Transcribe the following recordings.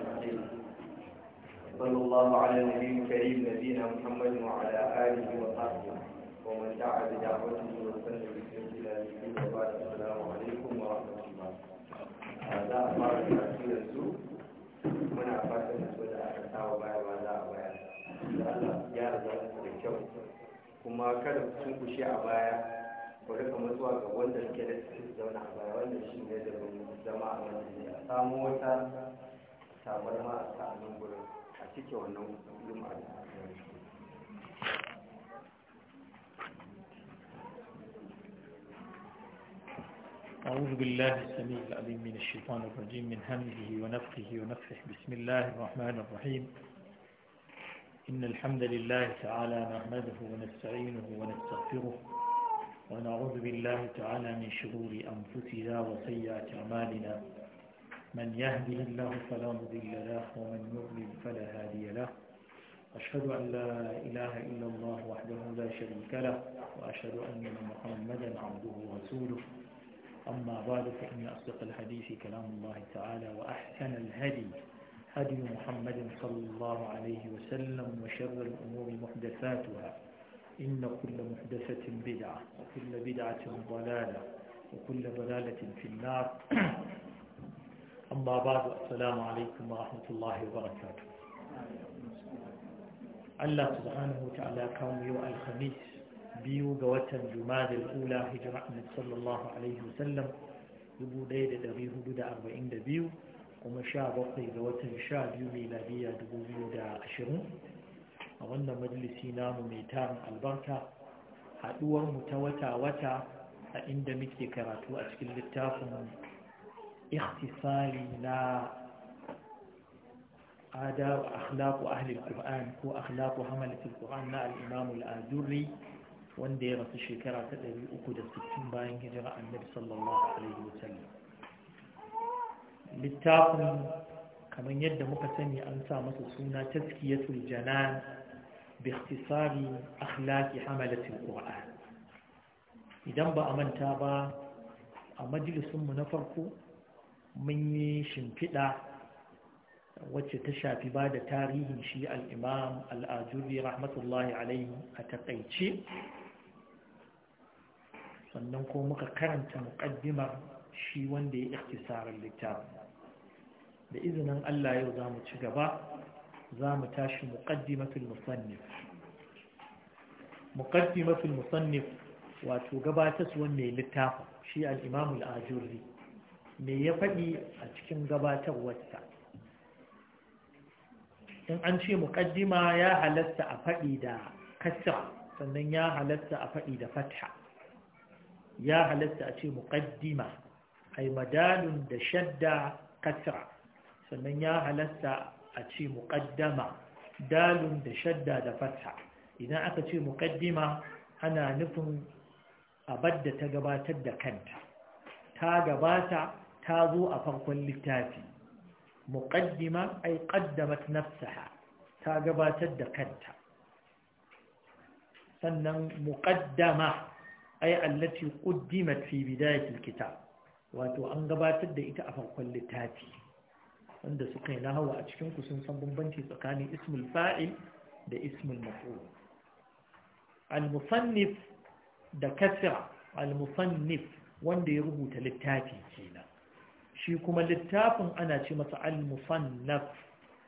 أجمعين صلى الله على النبي الكريم نبينا محمد وعلى آله وصحبه ومن دعا بدعوته وسلم بسنة إلى يوم وبعد السلام عليكم ورحمة الله هذا أمر الرسول السوء من أفاق السوء أكتا وبايا وذا وبايا الله يا رب الكون kuma kada ku sun kushe a baya ku rika mutuwa ga wanda ke da zauna a baya wanda shi ne da zama a majalisa samu wata tabarma a sa gurin a cike wannan lum'a أعوذ بالله السميع العليم من الشيطان الرجيم من همزه ونفخه ونفخه بسم الله الرحمن الرحيم إن الحمد لله تعالى نحمده ونستعينه ونستغفره ونعوذ بالله تعالى من شرور أنفسنا وسيئات أعمالنا من يهده الله فلا مضل له ومن يضلل فلا هادي له أشهد أن لا إله إلا الله وحده لا شريك له وأشهد أن محمدا عبده ورسوله أما بعد فإن أصدق الحديث كلام الله تعالى وأحسن الهدي هدي محمد صلى الله عليه وسلم وشر الأمور محدثاتها إن كل محدثة بدعة وكل بدعة ضلالة وكل ضلالة في النار أما بعد السلام عليكم ورحمة الله وبركاته subhanahu ta'ala وتعالى كان yau alhamis biyu ga watan jumada al'ula hijira annabi sallallahu alaihi wasallam 1442 kuma 17 ga watan 12 miladiya 2020 a wannan majalisi namu mai tarin albarka haduwar mu ta wata-wata a inda muke karatu a cikin littafin اختصار لا آداب وأخلاق أهل القرآن هو أخلاق حملة القرآن مع الإمام الآذري وانديرة الشكرة الذي أقود السبتين باين جراء النبي صلى الله عليه وسلم للتاقن كما يد مقسمي أنسى مصصونا تزكية الجنان باختصار أخلاق حملة القرآن إذا بأمن تابا أمجلس من فرقه mun yi shimfiɗa wacce ta shafi ba da tarihin shi al'imam al'ajuri rahmatullahi alaihi a taƙaice sannan ko muka karanta muƙaddimar shi wanda ya ikhtisarar littafi da izinin Allah yau za mu ci gaba za mu tashi muƙaddimatul musannif muƙaddimatul musannif wato gabatarwar mai littafin shi al'imam al'ajuri me ya faɗi a cikin gabatarwarsa in an ce muƙaddima ya halatta a faɗi da kasra sannan ya halatta a faɗi da fata ya halatta a ce muƙaddima ai madalun da shadda kasra sannan ya halatta a ce muƙaddama dalun da shadda da fatha idan aka ce muƙaddima ana nufin abadda ta gabatar da kanta ta gabata ta zo a farkon littafi muqaddima ay qaddamat nafsaha ta gabatar da kanta sannan muqaddama ay allati quddimat fi bidayatil kitab wato an gabatar da ita a farkon littafi wanda suka yi nahawa a cikin ku sun san bambanci tsakanin ismul fa'il da ismul maf'ul al da kasra al wanda ya rubuta littafi kenan shi kuma littafin ana ce masa al-musannaf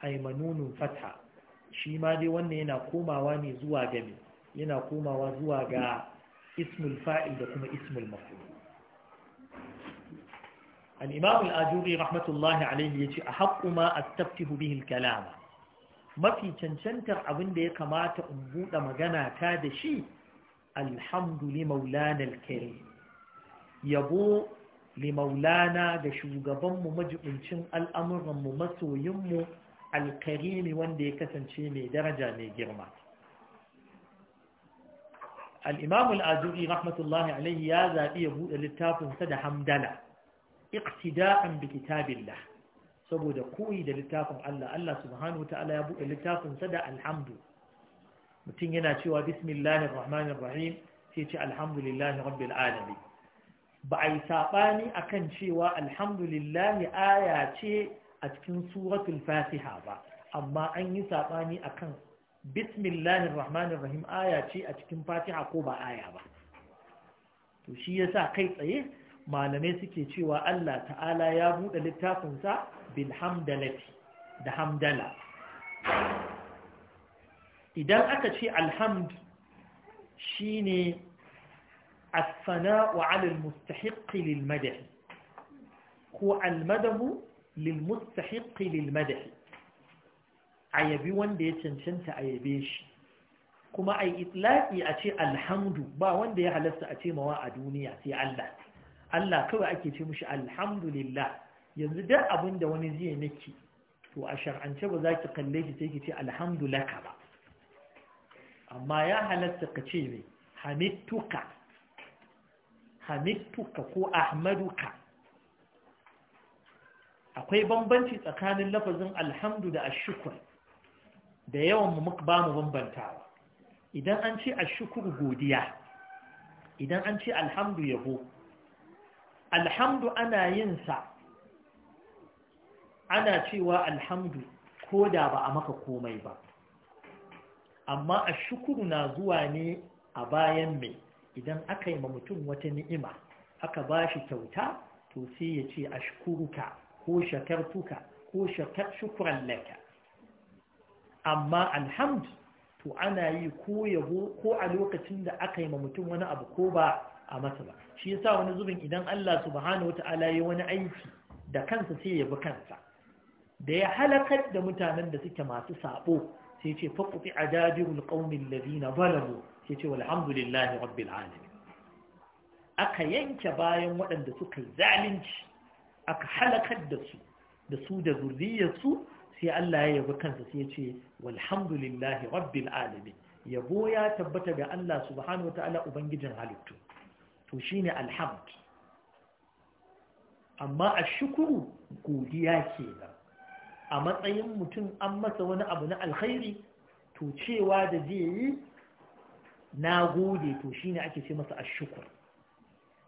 aymanunun fatha shi ma dai wannan yana komawa ne zuwa ga me yana komawa zuwa ga ismul fa'il da kuma ismul maf'ul al-imam al-ajuri rahmatullahi alayhi yace ahqqu ma astaftihu bihi al-kalam mafi cancantar abin da ya kamata in buɗe magana ta da shi alhamdu li maulana al-karim yabo limaulana da shugabanmu majibincin al'amuranmu masoyinmu alkarimi wanda ya kasance mai daraja mai girma al'imamul ajuri rahmatullahi alaihi ya zaɓi ya buɗe littafinsa da hamdala iktida'an bi kitabillah saboda koyi da littafin Allah Allah subhanahu ta'ala ya buɗe littafinsa da alhamdu mutum yana cewa bismillahir rahmanir rahim sai ce alhamdulillahi rabbil alamin ba a yi saɓani a kan cewa alhamdulillahi aya ce a cikin suratul fatiha ba amma an yi saɓani a kan bismillahir rahmanir rahim aya ce a cikin fatiha ko ba aya ba to shi ya sa kai tsaye malamai suke cewa Allah ta'ala ya buɗe littafinsa bilhamdalati da hamdala idan aka ce alhamd shine الثناء على المستحق للمدح هو المدح للمستحق للمدح ayabi wanda ya cancanta a yabe shi kuma a itlaƙi a ce alhamdu ba wanda ya halasta a ce mawa a duniya sai Allah Allah kawai ake ce mushi alhamdulillah yanzu duk abin da wani zai naki. to a shar'ance ba za ki kalle shi sai ki ce alhamdulaka ba amma ya halasta ka ce mai hamituka hamituka ko ahmaduka akwai bambanci tsakanin lafazin alhamdu da ashukur da yawan mu ba mu bambantawa idan an ce ashukur godiya idan an ce alhamdu yabo alhamdu ana yin sa ana cewa alhamdu ko da ba a maka komai ba amma ashukuru na zuwa ne a bayan mai idan aka yi ma mutum wata ni'ima aka ba shi kyauta to sai ya ce shukuruka, ko shakartuka ko shakar shukran laka amma alhamdu to ana yi ko yabo ko a lokacin da aka yi ma mutum wani abu ko ba a masa ba shi yasa wani zubin idan Allah subhanahu Ta'ala ya wani aiki da kansa sai ya bi kansa da ya halakar da mutanen da suke masu sabo sai ce faquti adadul qaumil ladina zalamu sai ce walhamdulillahi rabbil alamin aka yanke bayan waɗanda suka yi zalunci aka halakar da su da su da zurriyarsu sai Allah ya yabi kansa sai ya ce walhamdulillahi rabbil alamin yabo ya tabbata ga Allah subhanahu wataala ubangijin halittu to shine alhamd amma ashkuru godiya kenan a matsayin mutum an masa wani abu na alkhairi to cewa da zai yi na gode to shine ake ce masa ashukur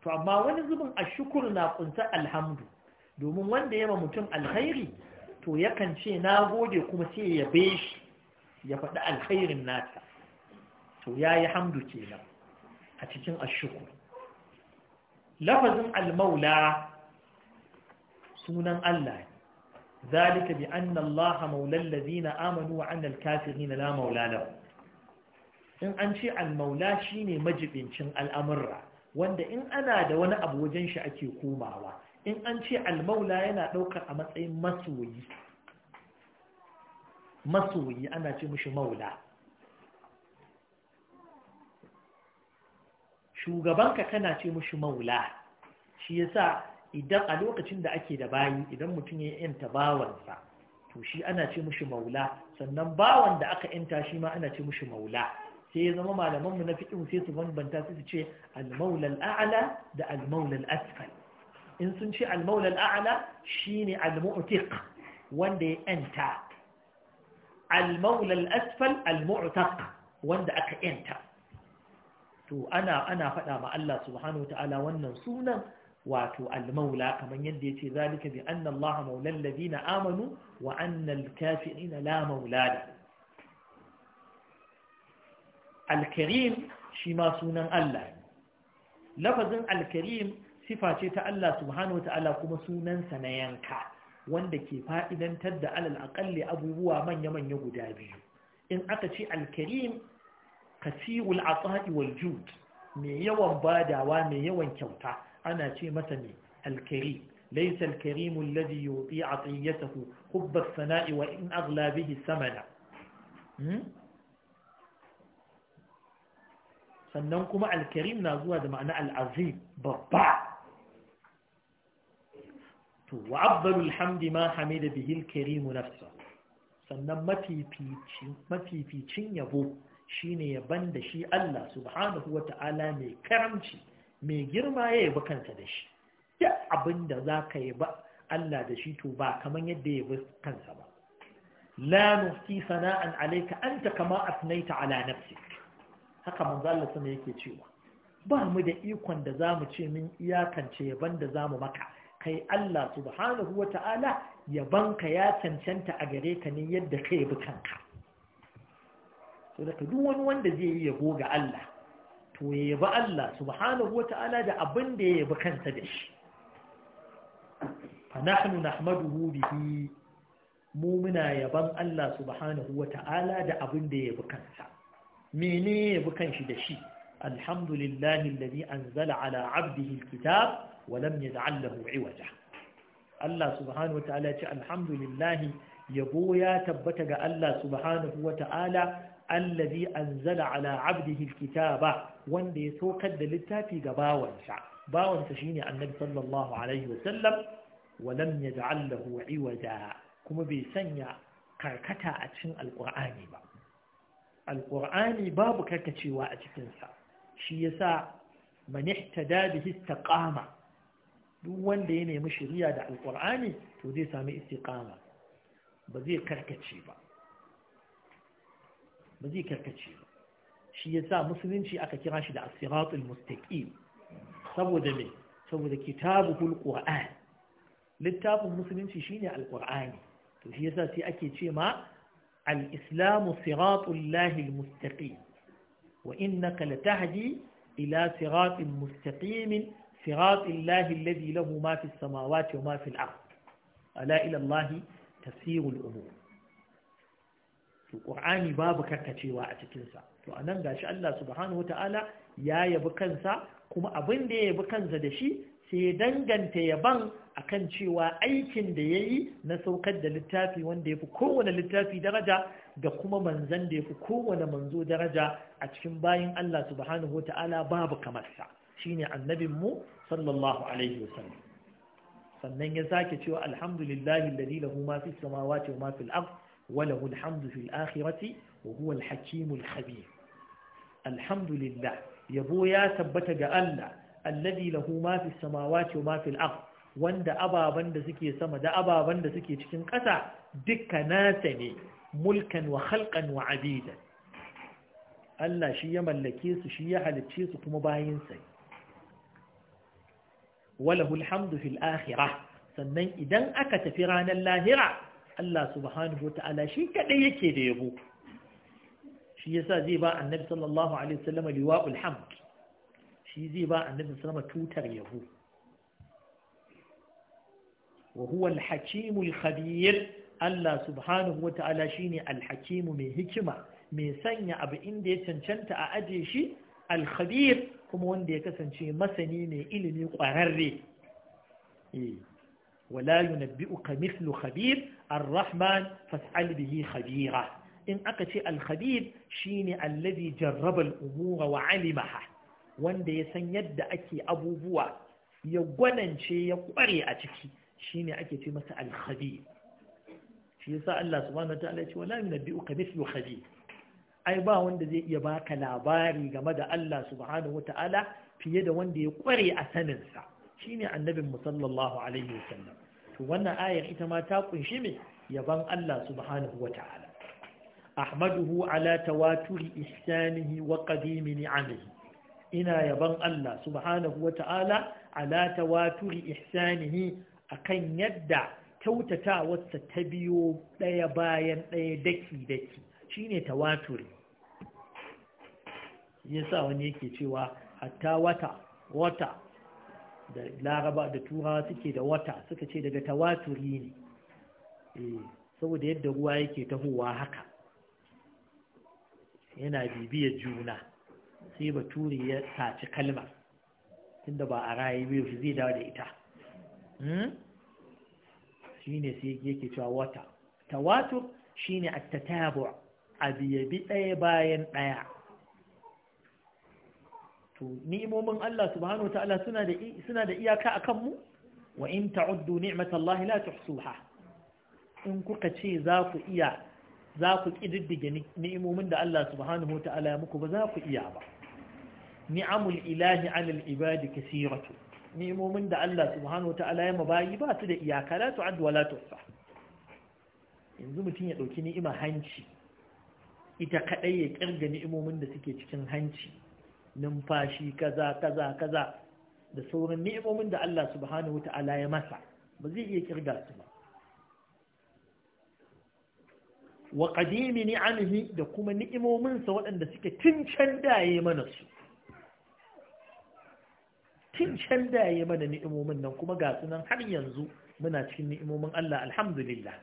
to amma wani zubin ashukur na kunsa alhamdu domin wanda ya ma mutum alkhairi to yakan ce na gode kuma sai ya yabe shi ya faɗi alkhairin nata to ya yi hamdu kenan a cikin ashukur lafazin almaula sunan Allah ذلك بأن الله مولى الذين amanu, وعن الكافرين لا na لهم in an ce almaula shi ne majibincin al'amurra wanda in ana da wani abu wajen shi ake komawa in an ce almaula yana ɗaukar a matsayin masoyi masoyi ana ce mushi maula shugabanka kana ce mushi maula shi yasa idan a lokacin da ake da bayi idan mutum ya yanta bawansa to shi ana ce mushi maula sannan bawan da aka yanta shi ma ana ce mashi maula sai ya zama malamanmu na fiƙin sai su bambanta su ce almaulal a'ala da almaulal asfal in sun ce almaulal a'ala shine almu'tiq wanda ya yanta almaulal asfal almu'taq wanda aka yanta to ana ana faɗa ma Allah subhanahu ta'ala wannan sunan wato almaula kamar yadda yace zalika bi anna Allah maulal ladina amanu wa anna al la la maulada alkarim shi ma sunan Allah ne. lafazin alkarim sifa ce ta Allah subhanahu wata'ala kuma sunansa na yanka wanda ke fa'idantar da alal aƙalli abubuwa manya-manya guda biyu in aka ce alkarim kasirul atsa'i wal jud mai yawan badawa mai yawan kyauta ana ce masa ne alkarim ليس الكريم الذي يعطي عطيته sana'i الثناء وإن أغلى به الثمن sannan kuma alkarim na zuwa da ma'ana al'azim babba to wa abdalul hamdi ma hamida bihil karimu nafsa sannan mafificin yabo shine yaban da shi Allah subhanahu wa ta'ala mai karamci mai girma ya yaba kansa da shi duk abin da za ka yaba Allah da shi to ba kamar yadda ya yaba kansa ba la nuhsi sana'an alaika anta kama asnaita ala nafsi haka manzo Allah sama yake cewa ba mu da ikon da za mu ce min iyakance yaban da za mu maka kai Allah subhanahu yaban ka ya cancanta a gare ka ne yadda ka bi kanka so daga duk wani wanda zai yi yabo ga Allah to ya yabi Allah subhanahu ta'ala da abin da ya yabi kansa da shi fa nahnu nahmaduhu bihi mu muna yaban Allah subhanahu ta'ala da abin da ya yabi kansa mene ya bi shi da shi alhamdulillahi alladhi anzala ala abdihi alkitab wa lam yaj'al lahu iwaja Allah subhanahu wataala ya ce alhamdulillahi yabo ya tabbata ga Allah subhanahu wataala alladhi anzala ala abdihi alkitaba wanda ya saukar da littafi ga bawansa bawansa shine annabi sallallahu alaihi wasallam wa lam yaj'al lahu iwaja kuma bai sanya karkata a cikin alqur'ani ba alƙur'ani babu karkacewa a cikinsa shi yasa man ihtada bihi istaqama duk wanda ya nemi shirya da alƙur'ani to zai sami istiqama ba zai karkace ba ba zai karkace ba shi musulunci aka kira shi da asiratul mustaqim saboda me saboda kitabuhul qur'an littafin musulunci shine alqur'ani to shi sai ake ce ma الإسلام صراط الله المستقيم وإنك لتهدي إلى صراط مستقيم صراط الله الذي له ما في السماوات وما في الأرض ألا إلى الله تسير الأمور القرآن باب كركتي وأتكنسا فأنا قاش الله سبحانه وتعالى يا يبكنسا كما أبن دي يبكنسا دشي سيدنغن تيبان akan cewa aikin da ya yi na saukar da littafi wanda ya fi kowane littafi daraja da kuma manzan da ya fi kowane manzo daraja a cikin bayin Allah subhanahu ta'ala babu kamarsa shine annabinmu sallallahu alaihi wasallam sannan ya sake cewa alhamdulillahi alladhi lahu ma fi samawati wa ma fil ard wa lahu alhamdu fil akhirati wa huwa khabir alhamdulillah yabo ya tabbata ga Allah alladhi lahu ma fi samawati wa ma fil ard wanda ababen da suke sama da ababen da suke cikin ƙasa dukka nasa ne mulkan wa halkan wa abidan Allah shi ya mallake su shi ya halicce su kuma bayinsa walahul alhamdu fil akhirah sannan idan aka tafi ranar lahira Allah subhanahu ta'ala shi kadai yake da yabo shi yasa zai ba annabi sallallahu alaihi wasallam liwa'ul hamd shi zai ba annabi sallallahu alaihi wasallam tutar yabo wa huwa al Allah subhanahu wa ta'ala shine alhakimu mai hikima mai sanya abu inda ya cancanta a aje shi al kuma wanda ya kasance masani mai ilimi kwararre eh, wala yunabbi'uka mithlu khabir ar-rahman fas'al bihi khabira in aka ce al shine alladhi jarraba al-umura wa wanda ya san yadda ake abubuwa ya gwanance ya kware a ciki shine ake ce masa al shi yasa Allah subhanahu wataala ya ce wala yunabbi'uka mithlu ai ba wanda zai iya baka labari game da Allah subhanahu wataala fiye da wanda ya kware a sanin sa shine annabin mu sallallahu alaihi wasallam to wannan ayar ita ma ta kunshi me yaban Allah subhanahu wataala ahmaduhu ala tawaturi ihsanihi wa qadimi ni'amihi ina yaban Allah subhanahu wataala ala tawaturi ihsanihi akan yadda kyautatawarsa ta biyo ɗaya bayan ɗaya daki-daki shine tawaturi yasa wani yake cewa hatta wata wata da laraba da turawa suke da wata suka ce daga tawaturi ne eh, saboda yadda ruwa yake tahowa haka yana bibiya juna sai bature ya saci kalmar tunda ba a rayu zai dawo da ita Shi hmm? shine sai yake cewa wata tawatur shine a A biyabi ɗaya bayan ɗaya to ni'imomin Allah subhanahu wa suna da suna da iyaka a kanmu. wa in ta'uddu ni'matallahi la tuhsuha in kuka ce za ku iya za ku kididdige ni'imomin da Allah subhanahu wa ya muku ba za ku iya ba ni'amul ilahi 'alal ibadi kaseeratu ni'imomin da Allah subhanahu wata'ala ya mabayi ba su da iyaka la tu'addu wa la tuhsa yanzu mutum ya dauki ni'ima hanci ita kadai ya kirga ni'imomin da suke cikin hanci numfashi kaza kaza kaza da sauran ni'imomin da Allah subhanahu wata'ala ya masa ba zai iya kirga su ba wa qadimi ni'amihi da kuma ni'imominsa waɗanda suke tun can daye mana su tun can da ya mana ni'imomin nan kuma ga sunan har yanzu muna cikin ni'imomin Allah alhamdulillah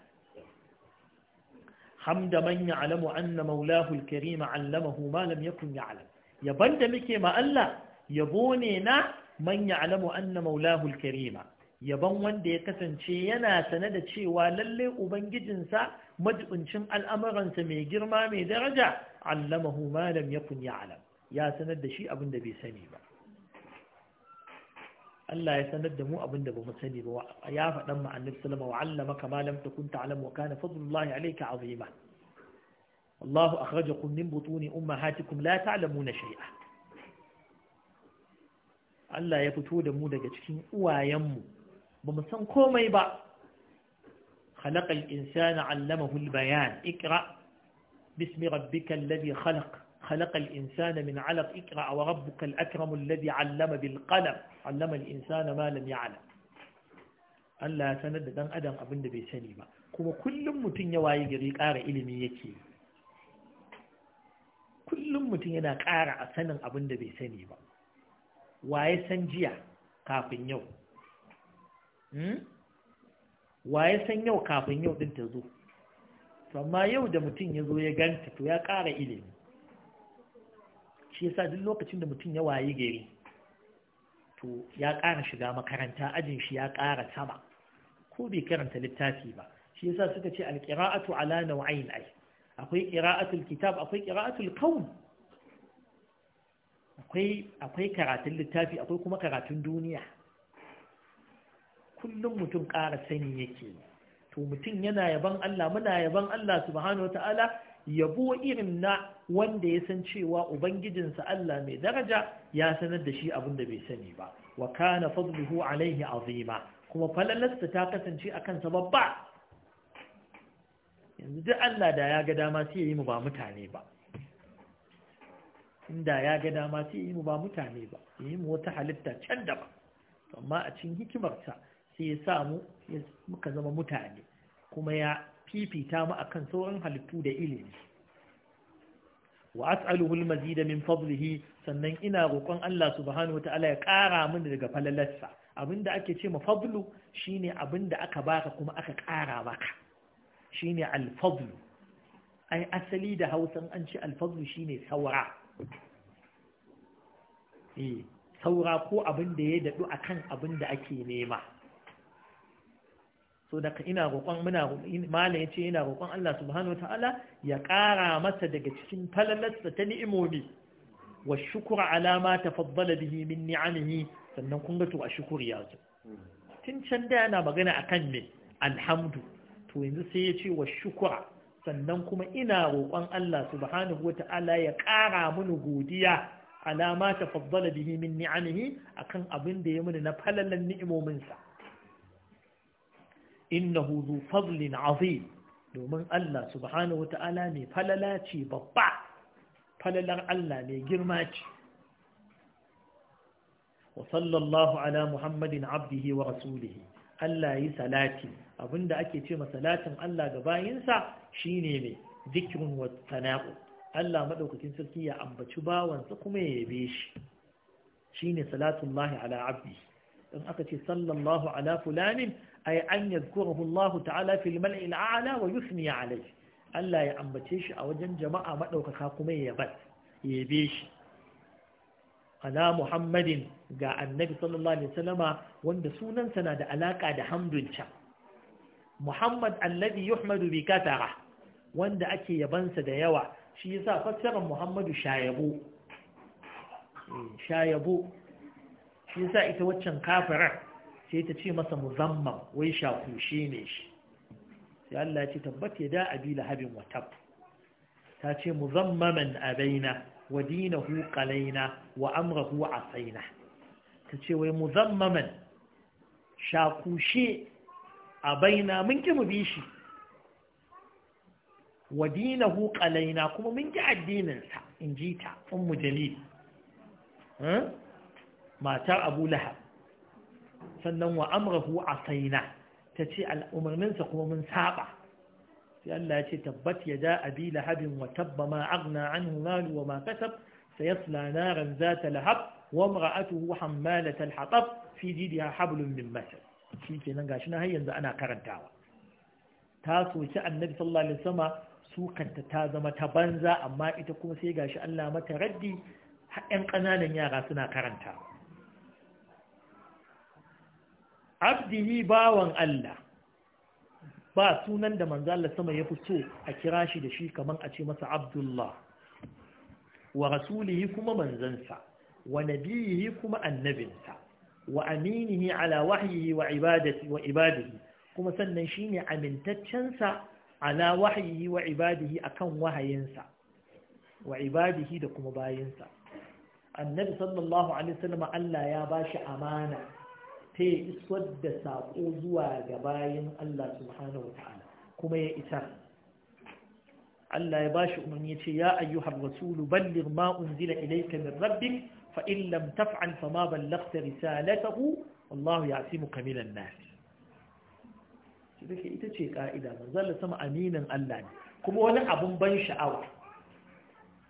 hamda man ya'lamu anna maulahu al-karim 'allamahu ma yaban da muke ma Allah yabo ne na man ya'lamu anna yaban wanda ya kasance yana sane da cewa lalle ubangijinsa majibincin al'amuransa mai girma mai daraja 'allamahu ma lam yakun ya'lam ya sanar da shi abin da bai sani ba Allah ya sanar da mu abin da bamu sani ba ya faɗan mu annabi sallama wa allama kama lam takun ta'lam wa kana fadlullahi alayka azima Allahu akhrajakum min butuni ummahatikum la ta'lamuna shay'a Allah ya fito da mu daga cikin uwayenmu bamu san komai ba خلق الإنسان علمه البيان اقرأ باسم ربك الذي خلق خلق الإنسان من علق اقرأ وربك الأكرم الذي علم بالقلم علم الإنسان ما لم يعلم Allah ya sanar da dan adam abin da bai sani ba kuma kullum mutum ya waye gari ƙara ilimi yake kullum mutum yana ƙara a sanin abin da bai sani ba san jiya kafin yau waye san yau kafin yau din ta zo amma yau da mutum ya zo ya ganta to ya ƙara ilimi shi yasa duk lokacin da mutum ya waye gari to ya ƙara shiga makaranta ajin shi ya ƙara sama ko bai karanta littafi ba shi yasa suka ce alƙira'atu ala nau'ain ai akwai ƙira'atul kitab akwai ƙira'atul kaun akwai karatun littafi akwai kuma karatun duniya kullum mutum ƙara sani yake to mutum yana yaban Allah muna yaban Allah subhanahu ta'ala yabo irin na wanda ya san cewa ubangijinsa Allah mai daraja ya sanar da shi abin da bai sani ba wa kana fadluhu alaihi azima kuma falalasta ta kasance akan sa babba yanzu duk Allah da ya ga dama sai yi mu ba mutane ba inda ya ga dama sai yi mu ba mutane ba ya yi mu wata halitta can da ba amma a cikin hikimarsa sai ya samu muka zama mutane kuma ya fifita mu akan sauran halittu da ilimi wa as'aluhu al-mazid min fadlihi sannan ina roƙon Allah subhanahu wataala ya ƙara mini daga falalarsa abinda ake ce ma fadlu shine abinda aka baka kuma aka ƙara maka shine al-fadlu ai asali da Hausan an ce al-fadlu shine saura eh saura ko abinda ya dadu akan abinda ake nema so daga ina roƙon muna ya yace ina roƙon Allah subhanahu wataala ya ƙara masa daga cikin falalarsa ta ni'imomi wa shukura alama ta tafaddala bihi min ni'amihi sannan kun ga to a shukuri ya zo tun can da yana magana akan me alhamdu to yanzu sai ya ce wa shukura sannan kuma ina roƙon Allah subhanahu ya ƙara mini godiya ala ma tafaddala bihi min ni'amihi akan abin da ya mini na falalan ni'imominsa Inna zu fadlin azim domin Allah subhanahu wata'ala mai falala ce babba falalar Allah mai girma ce wa sallallahu ala muhammadin abdihi wa rasulihi Allah yi salati abinda ake ce ma salatin Allah ga bayinsa shine mai zikirin wa sana'u Allah maɗaukakin sarki ya ambaci bawansa kuma ya yabe shi shine salatullahi ala abdi in aka ce sallallahu ala fulanin أي أن يذكره الله تعالى في الملء الأعلى ويثني عليه ألا يأمتيش أو جن جماعة مألوك خاقمي يبت يبيش على محمد جاء النبي صلى الله عليه وسلم وند سونا سنة علاقة دا حمد الشعب محمد الذي يحمد بكثرة وند أكي يبنس دا يوع شيسا فسر محمد شايبو شايبو شيسا إتوتشن كافرة sai ta ce masa muzamman wai shakushe ne shi sai Allah ce ya da abi lahabin watab ta ce muzammaman abaina wa dinahu qalaina wa amrahu asaina ta ce wai muzammaman shakushe abaina mun ki mu bi shi wa dinahu qalaina kuma mun ki addinin sa inji ta ummu jalil matar abu lahab sannan wa amrahu asaina tace al'umarnin sa kuma mun saba sai Allah ya ce tabbat yada abi lahabin wa tabba ma aghna anhu malu wa ma kasab sayasla naran zata lahab wa imra'atuhu hammalat al-hatab fi jidha hablum min masad shikenan gashi na har yanzu ana karantawa ta soki annabi sallallahu alaihi wasallam sukanta ta zama ta banza amma ita kuma sai gashi Allah mata raddi har ƴan ƙananan yara suna karantawa abdihi bawan Allah ba sunan da manzo Allah sama ya fito a kira shi da shi kaman a ce masa Abdullah wa rasulihi kuma manzansa wa nabiyihi kuma annabinsa wa aminihi ala wahyihi wa ibadati wa ibadihi kuma sannan shine amintaccensa ala wahyihi wa ibadihi akan wahayinsa wa ibadihi da kuma bayinsa annabi sallallahu alaihi wasallam Allah ya bashi amana ta ya da saƙo zuwa ga bayan Allah subhanahu wa ta'ala kuma ya isa. Allah ya bashi umarni ya ce ya ayyuhar rasulu balligh ma unzila ilayka min rabbik fa in lam taf'al fa ma ballaghta risalatahu wallahu ya'simuka minan nas shi ita ce ka'ida manzon sama aminin Allah ne kuma wani abun ban sha'awa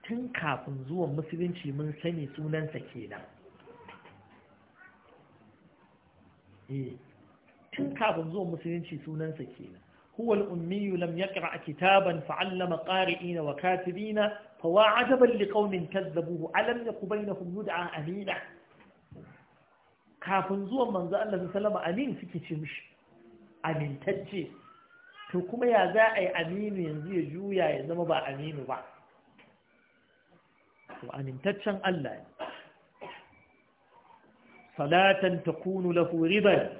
tun kafin zuwan musulunci mun sani sunansa kenan Eh. tun kafin zuwan musulunci sunansa kenan هو الأمي لم يقرأ كتابا فعلم قارئين وكاتبين فوا عجبا لقوم كذبوه ألم يق بينهم يدعى amina. kafin zuwan manzo Allah salama amin suke ce mishi amintacce to kuma ya za a yi aminu yanzu ya juya ya zama ba aminu ba to amintaccen Allah ne salatan takunu lahu riban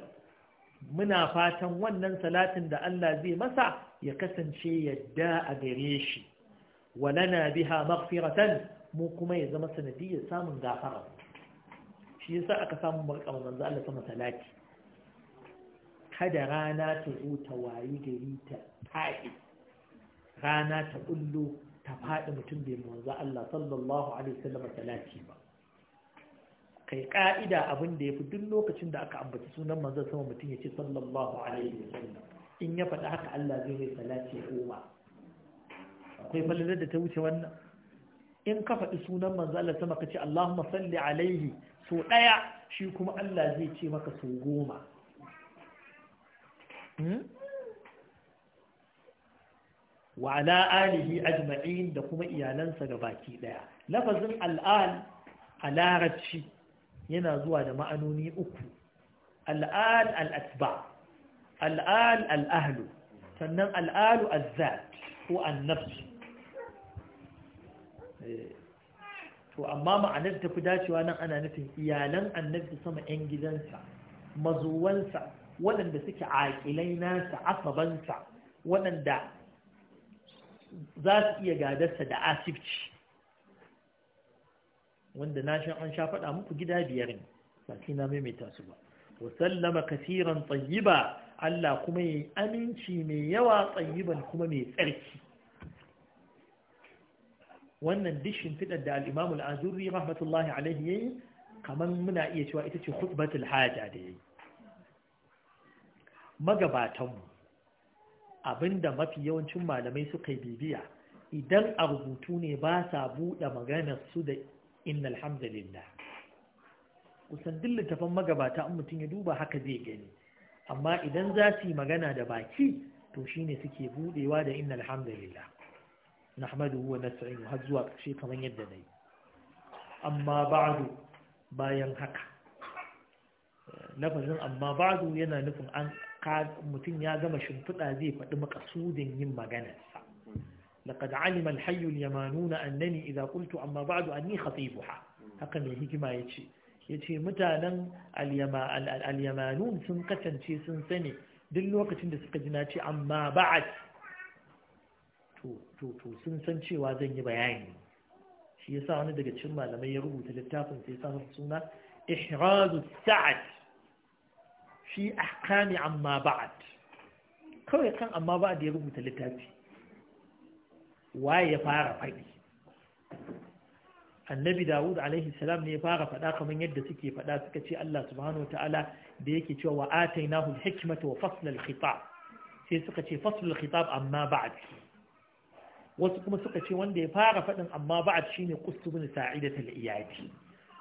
muna fatan wannan salatin da Allah zai masa ya kasance yadda a gare shi walana biha maghfiratan mu kuma ya zama sanadiyar samun gafara shi yasa aka samu barka manzo Allah sama salati kada rana ta zo ta wayi gari ta fadi, rana ta bullo ta faɗi mutum bai manzo Allah sallallahu alaihi wasallam salati ba kai ka'ida abin da ya fi duk lokacin da aka ambaci sunan manzon sama mutum ya ce sallallahu alaihi wa sallam in ya faɗi haka Allah zai mai salati goma akwai falalar da ta wuce wannan in ka faɗi sunan manzo Allah sama ka ce Allahumma salli alaihi so ɗaya shi kuma Allah zai ce maka so goma hmm? wa ala alihi ajma'in da kuma iyalansa ga baki ɗaya lafazin al'al a larabci yana zuwa da ma'anoni uku al'al al'asba al'al al'ahlu sannan al'alu azzat ko annabsu eh, to amma ma'anar tafi dacewa nan ana nufin iyalan annabi sama 'yan gidansa mazuwansa waɗanda suke aƙilai nasa asabansa waɗanda za su iya gadarsa da asibci wanda na sha an sha faɗa muku gida biyar ne ba na maimaita su ba wa sallama kasiran tayyiba Allah kuma yayi aminci mai yawa tsayiban kuma mai tsarki wannan dishin fidar da al'imamu imam azuri rahmatullahi alaihi yayi "kamar muna iya cewa ita ce khutbatul haja da yayi magabatanmu abinda mafi yawancin malamai suka bibiya idan a rubutu ne ba sa buɗe maganar su da inna alhamdulillah kusan duk littafin magabata an mutum ya duba haka zai gani amma idan za su yi magana da baki to shine suke budewa da inna alhamdulillah nahmaduhu wa nasta'inu har zuwa kashe kamar yadda nayi amma ba'du bayan haka lafazin amma ba'du yana nufin an mutum ya gama shimfiɗa zai faɗi makasudin yin magana لقد علم الحي اليمانون أنني إذا قلت أما بعد أني خطيبها haka mai hikima ya ce ya ce mutanen alyamanun sun kasance sun sani duk lokacin da suka ji na ce amma to sun san cewa zan yi bayani shi ya sa wani daga cikin malamai ya rubuta littafin sai sa suna ihrazu sa'ad shi ahkami amma ba'ad kawai kan amma ba'ad ya rubuta littafi waye ya fara faɗi annabi dawud alaihi salam ne ya fara faɗa kamar yadda suke faɗa suka ce Allah subhanahu ta'ala da yake cewa wa atainahu al wa faslal al-khitab sai suka ce faslal al-khitab amma ba'd wasu kuma suka ce wanda ya fara faɗin amma ba'd shine qustubun sa'idat al-iyadi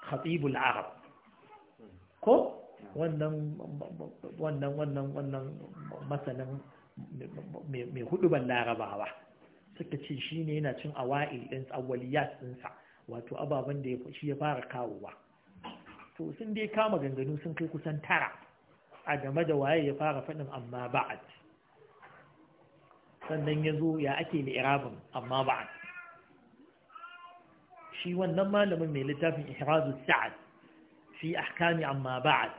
khatib al-arab ko wannan wannan wannan wannan masanin mai hudu ban larabawa suka ce shi ne yana cin awa'il ɗin awaliyat ɗinsa wato ababen da shi ya fara kawowa to sun dai kama ganganu sun kai kusan tara a game da waye ya fara faɗin amma ba'ad sannan ya zo ya ake li'irabin amma ba'ad shi wannan malamin mai littafin ihrazu sa'ad fi ahkami amma ba'ad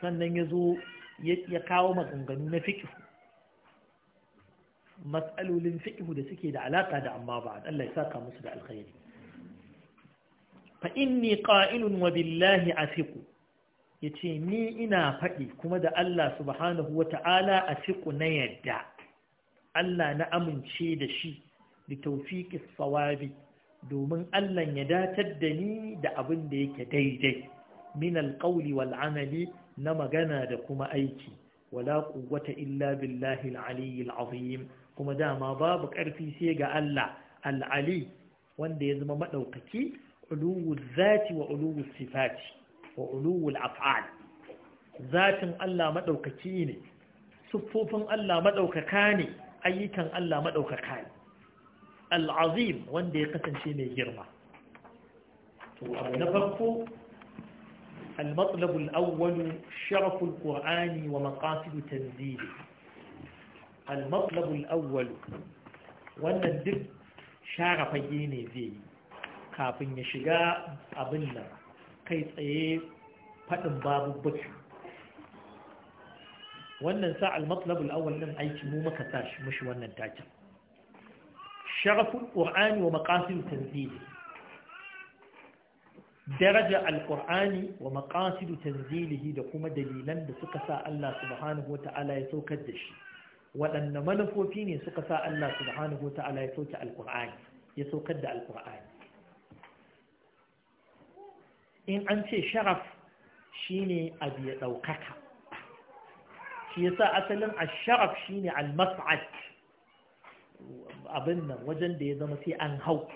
sannan ya zo ya kawo maganganu na fikihu matsalolin fiqh da suke da alaƙa da amma ba Allah ya saka musu da alkhairi fa inni qa'ilun wa billahi asiqu yace ni ina faɗi kuma da Allah subhanahu wata'ala asiqu na yadda Allah na amince da shi da tawfiqis sawabi domin Allah ya datar da ni da abin da yake daidai min alqawli wal amali na magana da kuma aiki wala quwwata illa billahi al-aliyyil azim kuma dama babu ƙarfi sai ga Allah al'ali wanda ya zama maɗaukaki uluwul zati wa uluwul sifati wa uluwul af'al zatin Allah maɗaukaki ne siffofin Allah maɗaukaka ne ayyukan Allah maɗaukaka ne al'azim wanda ya kasance mai girma na farko المطلب الأول شرف القرآن ومقاصد تنزيله al-matlabul wannan duk share fage ne zai yi kafin ya shiga abin nan kai tsaye faɗin babubbuka wannan sa al-matlabul awwal din aiki mu muka tashi mushi wannan takin Sharafin qur'ani wa maqasid tanzili daraja alkur'ani wa maqasidu tanzilihi da kuma dalilan da suka sa Allah subhanahu wa ta'ala ya saukar da shi waɗanne manufofi ne suka sa Allah subhanahu wa ta'ala ya sauke alƙur'ani ya saukar da alƙur'ani in an ce sharaf shine abu ya ɗaukaka shi sa asalin asharaf shine al-mas'ad abin nan wajen da ya zama sai an hau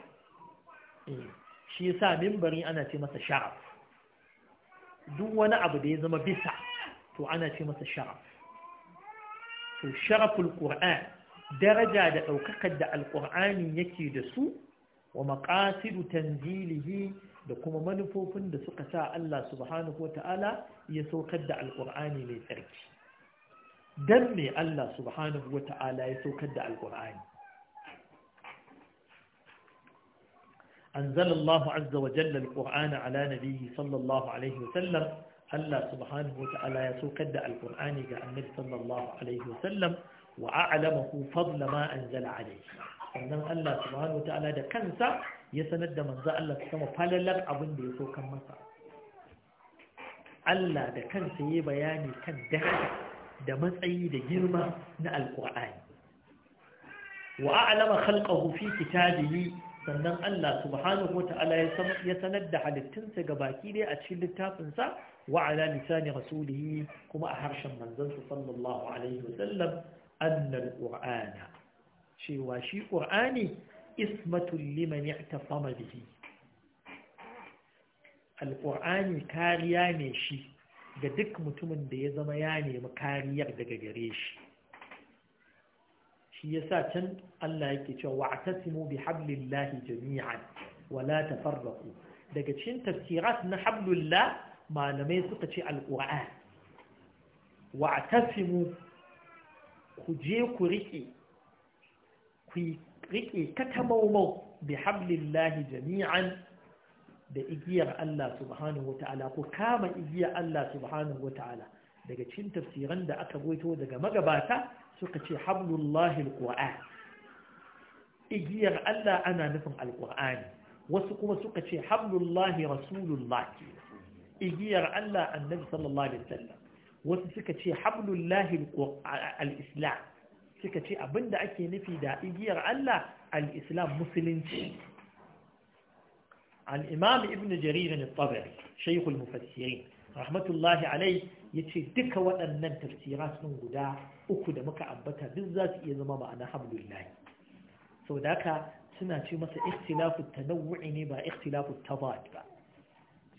eh, shi sa mimbari ana ce masa sharaf duk wani abu da ya zama bisa to ana ce masa sharaf to sharaful qur'an daraja da ɗaukakar da alƙur'ani yake da su wa maƙasidu tanzilihi da kuma manufofin da suka sa Allah subhanahu wata'ala ya saukar da alƙur'ani mai tsarki don me Allah subhanahu wata'ala ya saukar da alƙur'ani أنزل الله عز وجل القرآن على نبيه صلى الله عليه وسلم Allah subhanahu wa ta'ala ya saukar da alkur'ani ga annabi sallallahu alaihi wasallam wa a'lamahu fadla ma anzala alayhi sannan Allah subhanahu wa ta'ala da kansa ya sanar da manzo Allah sama falalar abin da ya saukar masa Allah da kansa yayi bayani kan daraja da matsayi da girma na alkur'ani wa a'lama khalqahu fi kitabihi sannan Allah subhanahu wata'ala ya sanar da halittunsa ga baki dai a cikin littafinsa wa ala lisani rasulihi kuma a harshen manzansa sallallahu alaihi wasallam annal qur'ana cewa shi qur'ani ismatul liman i'tasama bihi Al-Qur'ani kariya ne shi ga duk mutumin da ya zama ya nemi kariyar daga gare shi shi yasa can Allah yake cewa wa'tasimu bihablillahi jami'an wa la tafarraqu daga cikin tafsirat na hablullah malamai suka ce alquran wa'tasimu ku je ku rike ku rike bi bihablillahi jami'an da igiyar Allah subhanahu wata'ala ku kama igiyar Allah subhanahu wata'ala daga cikin tafsiran da aka goito daga magabata suka ce hablullahi alquran igiyar Allah ana nufin alqur'ani wasu kuma suka ce hablullahi rasulullahi igiyar Allah annabi sallallahu alaihi wasallam wasu suka ce hablullahi al-islam suka ce abinda ake nufi da igiyar Allah al-islam musulunci al-imam ibn jarir al-tabari shaykh al-mufassirin rahmatullahi alayhi ya ce duka waɗannan tafsira sun guda uku da muka ambata duk za su iya zama ma'ana hamdullahi sau da haka suna ce masa ikhtilafu tanawu'i ne ba ikhtilafu ta ba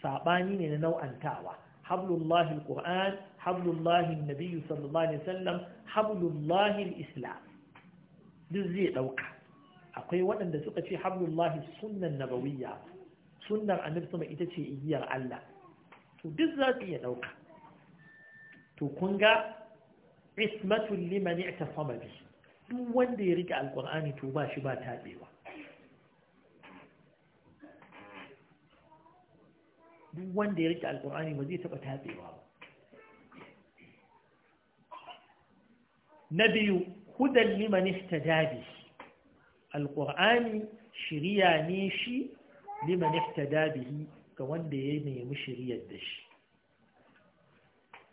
saɓani ne na nau'antawa hablullahi alquran hablullahi annabiyyu sallallahu alaihi wasallam hablullahi alislam duk zai dauka akwai waɗanda suka ce hablullahi sunnan nabawiyya sunnar annabi sama ita ce igiyar Allah to duk za su iya dauka to kun ga ismatul liman i'tasama bi duk wanda ya rike alqur'ani to ba shi ba tabewa duk wanda ya rike alqur'ani ba zai taba tabewa ba na biyu hudan liman ihtada bi alqur'ani shiriya ne shi liman ihtada bihi ga wanda ya nemi shiriyar da shi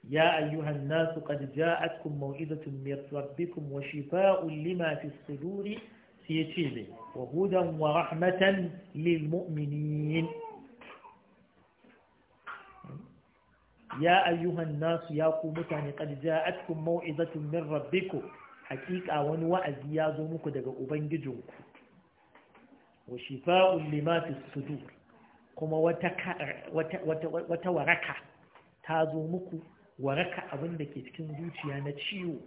يا أيها الناس قد جاءتكم موعظة من ربكم وشفاء لما في الصدور سيتيبه وهدى ورحمة للمؤمنين يا أيها الناس يا قومتان قد جاءتكم موعظة من ربكم حقيقة ونوى أزياد دقاء بنججنك وشفاء لما في الصدور كما وتوركة تازو تازمك waraka abin da ke cikin zuciya na ciwo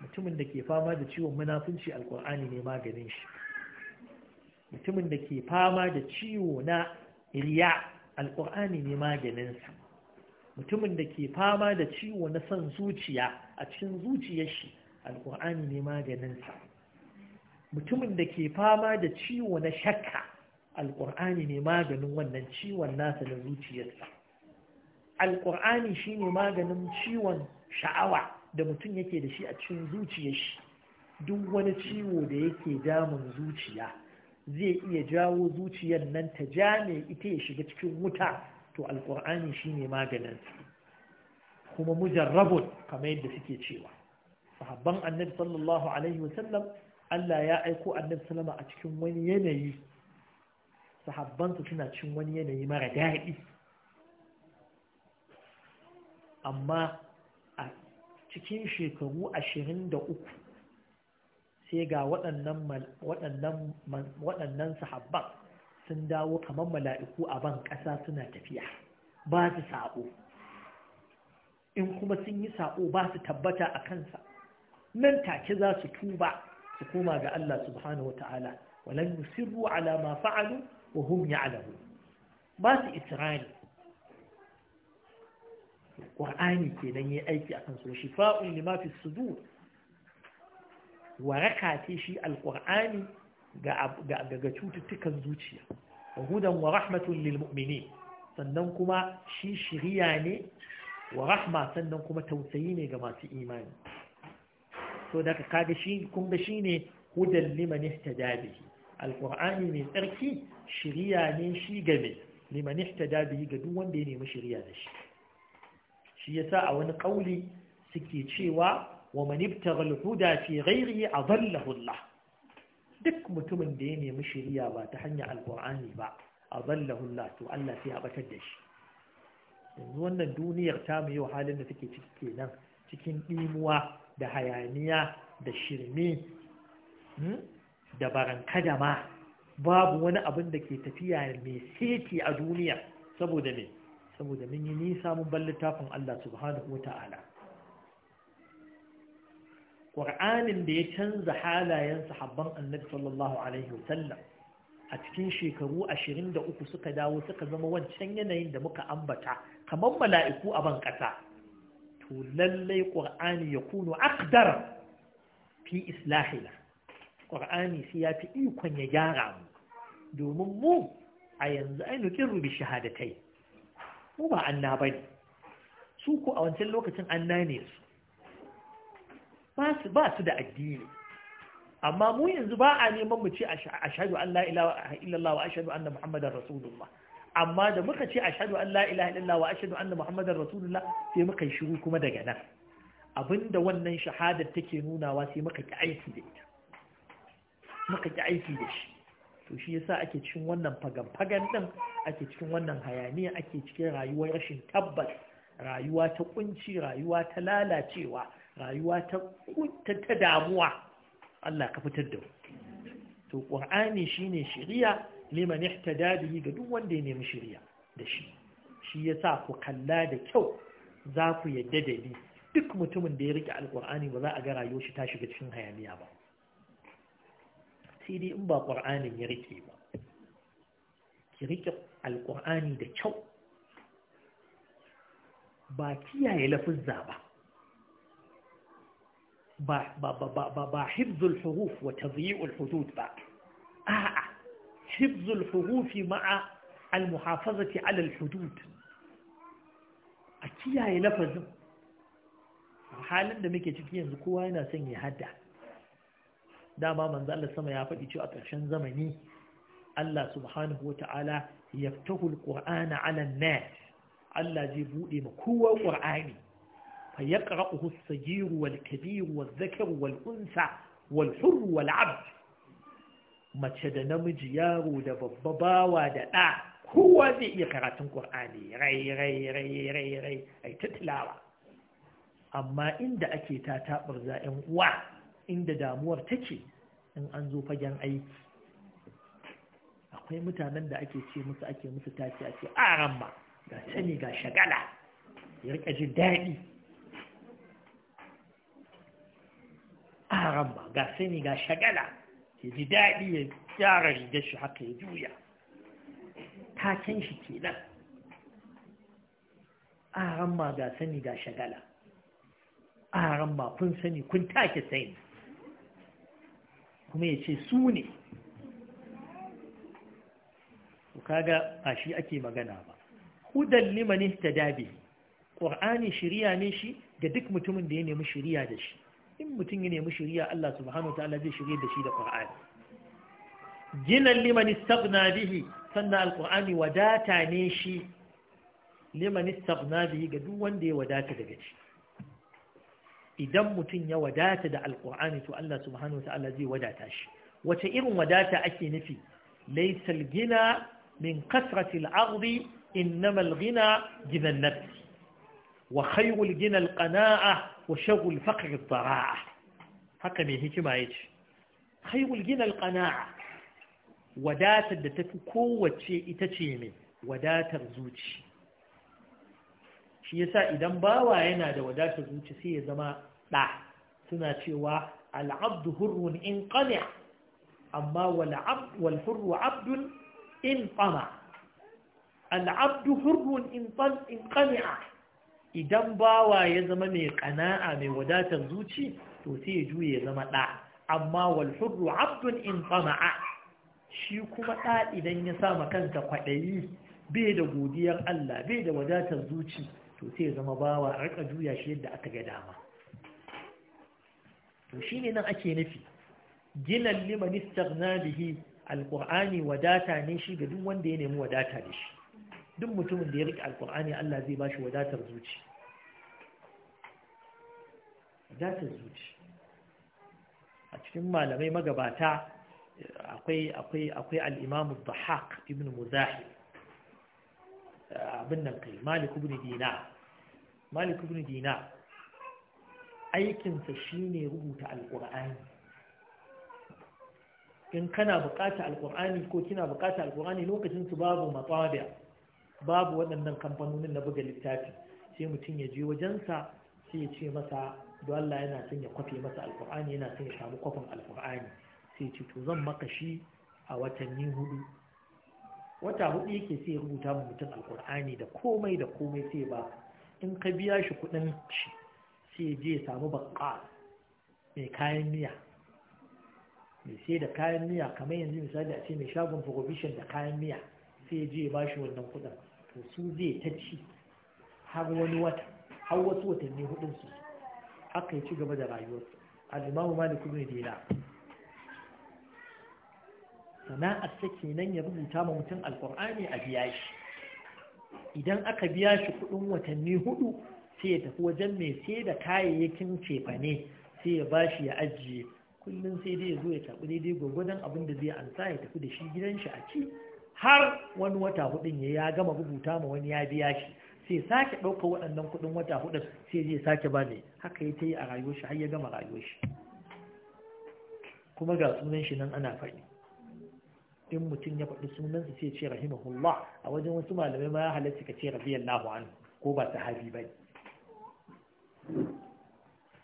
mutumin da ke fama da ciwon munafunci alkur'ani ne maganin shi mutumin da ke fama da ciwo na riya alkur'ani ne maganin sa, mutumin da ke fama da ciwo na son zuciya a cikin zuciyar shi alkur'ani ne maganin sa, mutumin da ke fama da ciwo na shakka alkur'ani ne maganin wannan ciwon nasa na zuciyarsa alƙur'ani shine maganin ciwon sha'awa da mutum yake da shi a cikin zuciyar shi duk wani ciwo da yake damun zuciya zai iya jawo zuciyar nan ta jame ita ya shiga cikin wuta to alƙur'ani shine maganin kuma mujarrabun kamar yadda suke cewa sahabban annabi sallallahu alaihi wasallam Allah ya aiko annabi sallama a cikin wani yanayi Sahabban su suna cin wani yanayi mara daɗi amma a cikin shekaru ashirin da uku sai ga waɗannan sahabban sun dawo kamar mala'iku a ban ƙasa suna tafiya ba su sa'o. in kuma sun yi sa'o, ba su tabbata a kansa nan take za su tuba su koma ga Allah subhanahu wata'ala walan yusirru ala ma fa'alu wa hum alamu. ba su isra'il ƙur'ani ke nan ya aiki a kan sun shifa'un lima fi sudur waraka ce shi alƙur'ani ga cututtukan zuciya wa hudan wa rahmatun lil mu'mini sannan kuma shi shiriya ne wa rahma sannan kuma tausayi ne ga masu imani so da ka kaga shi kun ga shine hudan liman ihtada bihi mai tsarki shiriya ne shi ga liman ta bihi ga duk wanda ya nemi shirya da shi shi yasa a wani kauli suke cewa wa man ibtagha al-huda fi ghayrihi adallahu Allah duk mutumin da ya nemi shari'a ba ta hanyar alqur'ani ba adallahu Allah to Allah sai ya batar da shi yanzu wannan duniyar ta mu yau halin da take ciki kenan cikin dimuwa da hayaniya da shirme hmm, da barankadama babu wani abin da ke tafiya mai seti a duniya saboda me saboda mun yi nisa mun bar littafin Allah subhanahu wa ta'ala ƙur'anin da ya canza halayen sahabban annabi sallallahu alaihi a cikin shekaru ashirin da uku suka dawo suka zama wancan yanayin da muka ambata kamar mala'iku a ban ƙasa to lallai ƙur'ani ya kunu akdar fi islahila ƙur'ani sai ya fi ikon ya gyara mu domin mu a yanzu ainihin nukin rubi shahadatai mu ba anna ba ne su ko a wancan lokacin anna ne su ba su da addini amma mu yanzu ba a neman mu ce a ashhadu an la ilaha illallah wa ashhadu anna muhammadar rasulullah amma da muka ce a ashhadu an la ilaha illallah wa ashhadu anna muhammadar rasulullah sai muka yi shiru kuma daga nan abinda wannan shahadar take nunawa sai muka ki aiki da ita muka ki aiki da shi to shi yasa ake cikin wannan fagan-fagan din ake cikin wannan hayaniya ake cikin rayuwar rashin tabbas rayuwa ta kunci rayuwa ta lalacewa rayuwa ta damuwa Allah ka fitar da to qur'ani shine shari'a liman ihtada bihi ga duk wanda ya nemi shari'a da shi shi yasa ku kalla da kyau za ku yadda da ni duk mutumin da ya rike alqur'ani ba za a ga rayuwar shi ta shiga cikin hayaniya ba sidi dai in ba ƙur'anin ya rike ba ki rike alƙur'ani da kyau ba kiyaye lafizza ba ba ba ba ba ba hifzul huruf wa tadyi'ul hudud ba a a hifzul huruf ma'a almuhafazati muhafazati 'ala al-hudud a kiyaye lafazin halin da muke ciki yanzu kowa yana son ya hada dama manzo Allah sama ya faɗi cewa a ƙarshen zamani Allah subhanahu wata'ala yaftahu alqur'ana 'ala an-nas Allah zai bude ma kowa qur'ani fa yaqra'uhu as-saghir wal-kabir wal-dhakar wal-unsa wal-hur wal-'abd mace da namiji yaro da babba bawa da ɗa kowa zai iya karatun qur'ani rai rai rai rai rai ai ta tilawa amma inda ake ta tabar za uwa inda damuwar take in an zo fagen aiki akwai mutanen da ake ce musu ake musu a ce, a ramba ga sani ga shagala ya rika jin daɗi A ramba ga sani ga shagala ya ji daɗi ya gyara rigar shi haka ya juya taken shi kenan A ramba ga sani ga shagala a ramba kun sani kun take sani kuma ya ce su ne kaga a shi ake magana ba hudan liman ta ƙur'ani qur'ani shiriya ne shi ga duk mutumin da ya nemi shiriya da shi in mutum ya nemi shiriya Allah subhanahu ta'ala zai shirya da shi da qur'ani ginan liman istaghna bihi sannan alqur'ani wadata ne shi liman istaghna bihi ga duk wanda ya wadata daga shi idan mutum ya wadata da alƙur'ani to Allah subhanahu wa ta'ala zai wadata shi wace irin wadata ake nufi laysal gina min kasrati al-ardi innama al-ghina gina an-nafs wa khayrul gina al-qana'a wa sharrul faqr ad-dara'a haka mai hikima yace khayrul gina al-qana'a wadatar da tafi kowace ita ce mai wadatar zuci shi yasa idan bawa yana da wadatar zuci sai ya zama ɗa suna cewa al'abdu hurrun in qani amma wal hurru abdun in qama al'abdu hurrun in qani idan bawa ya zama mai ƙana'a mai wadatar zuci to sai ya juye ya zama ɗa amma wal hurru abdun in qama'a shi kuma ɗa idan ya sa kansa kwaɗayi bai da godiyar Allah bai da wadatar zuci to sai zama bawa a rika juya shi yadda aka ga dama to shine nan ake nufi ginan liman istaghna bihi alqur'ani wadata ne shi ga duk wanda ya nemi wadata da shi duk mutumin da ya rike alqur'ani Allah zai bashi wadatar zuci wadatar zuci a cikin malamai magabata akwai akwai akwai al-imam ibn muzahi abin nan kai malik ibn dinar malik ibn dina aikinsa shine rubuta alƙur'ani in kana bukata alƙur'ani ko kina bukata alƙur'ani lokacin su babu matsabiya babu waɗannan kamfanonin na buga littafi sai mutum ya je wajensa sai ya ce masa do Allah yana son ya kwafe masa alƙur'ani yana son ya samu kwafin alƙur'ani sai ce to zan maka shi a watanni hudu wata hudu yake sai ya rubuta ma mutum alƙur'ani da komai da komai sai ba in ka biya shi kuɗin shi sai je ya samu baƙa mai kayan miya mai sai da kayan miya kamar yanzu misali a ce mai shagon prohibition da kayan miya sai je ya bashi wannan kuɗin to su zai ta ci har wani wata har wasu watanni hudun su Aka yi ci gaba da rayuwarsa al'imamu malik ibn dina sana'ar take nan ya rubuta ma mutum alqur'ani a biya shi idan aka biya shi kuɗin watanni hudu sai ya tafi wajen mai sai da kayayyakin cefane sai ya ba shi ya ajiye kullum sai dai ya zo ya taɓi daidai gwagwadon abin da zai ansa ya tafi da shi gidan shi a ci har wani wata hudun ya gama rubuta ma wani ya biya shi sai sake ɗauka waɗannan kuɗin wata hudun sai zai sake ba mai haka ya ta yi a rayuwar shi har ya gama rayuwar shi kuma ga sunan shi nan ana faɗi in mutum ya faɗi sunansa sai ce rahimahullah a wajen wasu malamai ma ya halatta ka ce radiyallahu anhu ko ba ta sahabi bai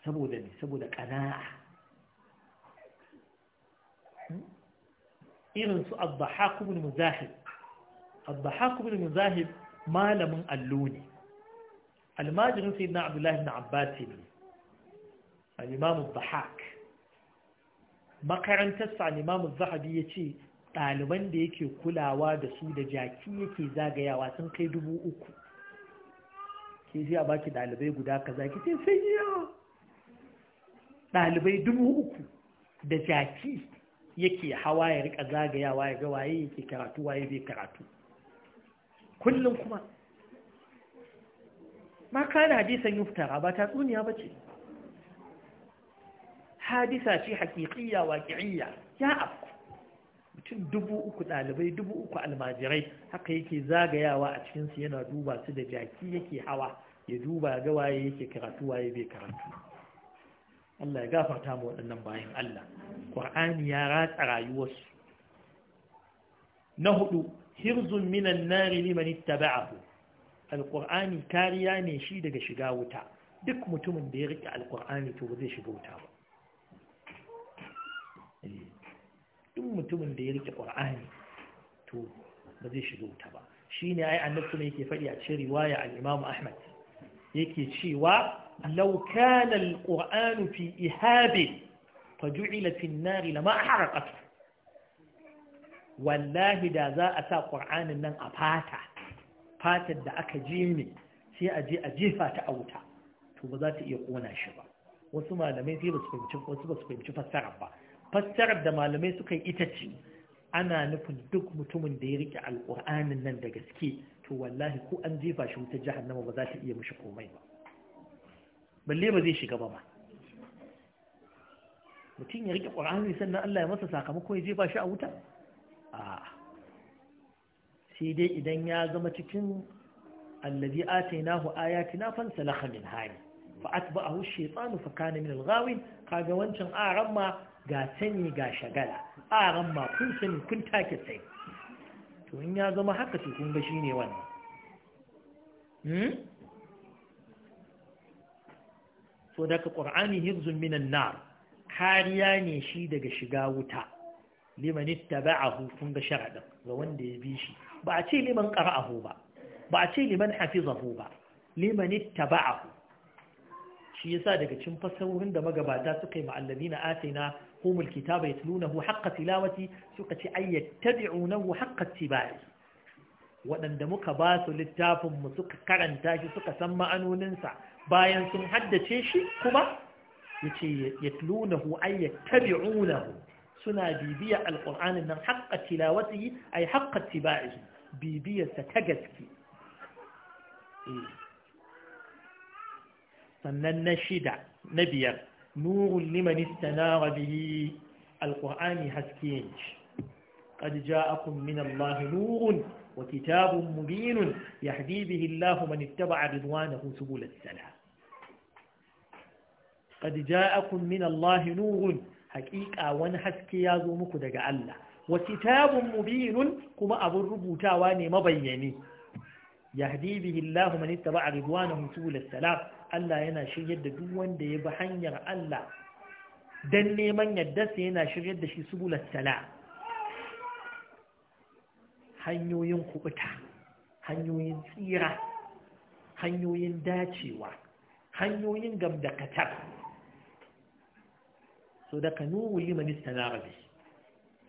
saboda ne saboda ƙana'a irin su abdahaq ibn muzahib abdahaq ibn muzahib malamin allo ne almajirin sayyidina abdullahi ibn abbas ne al-imam abdahaq makarantar sa al-imam az-zahabi yace ɗaliban da yake kulawa da su da jaki yake zagayawa sun kai dubu uku ke ji a baki ɗalibai guda ka zaki ce sai ya ɗalibai dubu uku da jaki yake hawa ya rika zagayawa ya ga yake karatu waye bai karatu kullum kuma ma da hadisan yuftara ba ta tsuniya ba ce hadisa ce haƙiƙiyya waƙi'iyya ya cikin dubu uku ɗalibai dubu uku almajirai haka yake zagayawa a cikinsu yana duba su da jaki yake hawa ya duba ga waye yake karatu waye bai karatu Allah ya gafarta mu waɗannan bayan Allah Qur'ani ya ratsa rayuwarsu na hudu hirzun minan nari liman ittaba'ahu alqur'ani kariya ne shi daga shiga wuta duk mutumin da ya rike alqur'ani to ba zai shiga wuta ba duk mutumin da ya rike qur'ani to ba zai shiga wuta ba ne ai annabi ne yake faɗi a cikin riwaya al Ahmad yake cewa law kana fi ihab fa ju'ila fi an-nar lama haraqat wallahi da za a sa Qur'anin nan a fata fatar da aka ji ne sai a je a jefa ta a wuta to ba za ta iya kona shi ba wasu malamai sai ba fahimci ba su fahimci fassara ba fassarar da malamai suka yi ita ce ana nufin duk mutumin da ya rike alƙur'anin nan da gaske to wallahi ko an jefa shi wutar jahannama ba za ta iya mishi komai ba balle ba zai shiga ba ma. mutum ya rike ƙur'ani sannan Allah ya masa sakamako ya jefa shi a wuta a sai dai idan ya zama cikin allazi atainahu ayatina fansalakha min hani fa atba'ahu ash-shaytanu fa kana min al-ghawin kaga wancan aran ma ga sanyi ga shagala a ran ma kun sani kun take sai to in ya zama haka to kun ga shine wannan hmm so daga qur'ani hifzun minan nar kariya ne shi daga shiga wuta liman ittaba'ahu kun ga sharadin ga wanda ya bi shi ba a ce liman qara'ahu ba ba a ce liman hafizahu ba liman ittaba'ahu shi yasa daga cin fasawurin da magabata suka yi na asina. humul kitaba yatlunahu haqqa tilawati suka ce ay yattabi'unahu haqqa tibai waɗanda muka basu littafinmu suka karanta shi suka san ma'anoninsa bayan sun haddace shi kuma yace yatlunahu ay yattabi'unahu suna bibiya Alƙur'ani nan haqqa tilawati ay haqqa tibai bibiyarsa ta gaske sannan na shida na biyar nurun liman istanara bihi alqur'ani haske ne qad akun min allahi nurun wa kitabun mubinun yahdi bihi allahu man ittaba'a ridwanahu subul as-salam qad akun min allahi nurun haqiqa wani haske ya zo muku daga Allah wa kitabun mubinun kuma abun rubutawa ne mabayyani yahdi bihi allahu man ittaba'a na subul as-salam Allah yana shiryar da duk wanda ya bi hanyar Allah dan neman yadda sai yana shiryar da shi subulat sala hanyoyin kubuta hanyoyin tsira hanyoyin dacewa hanyoyin gamdakatar so da ka nuru liman istanara bi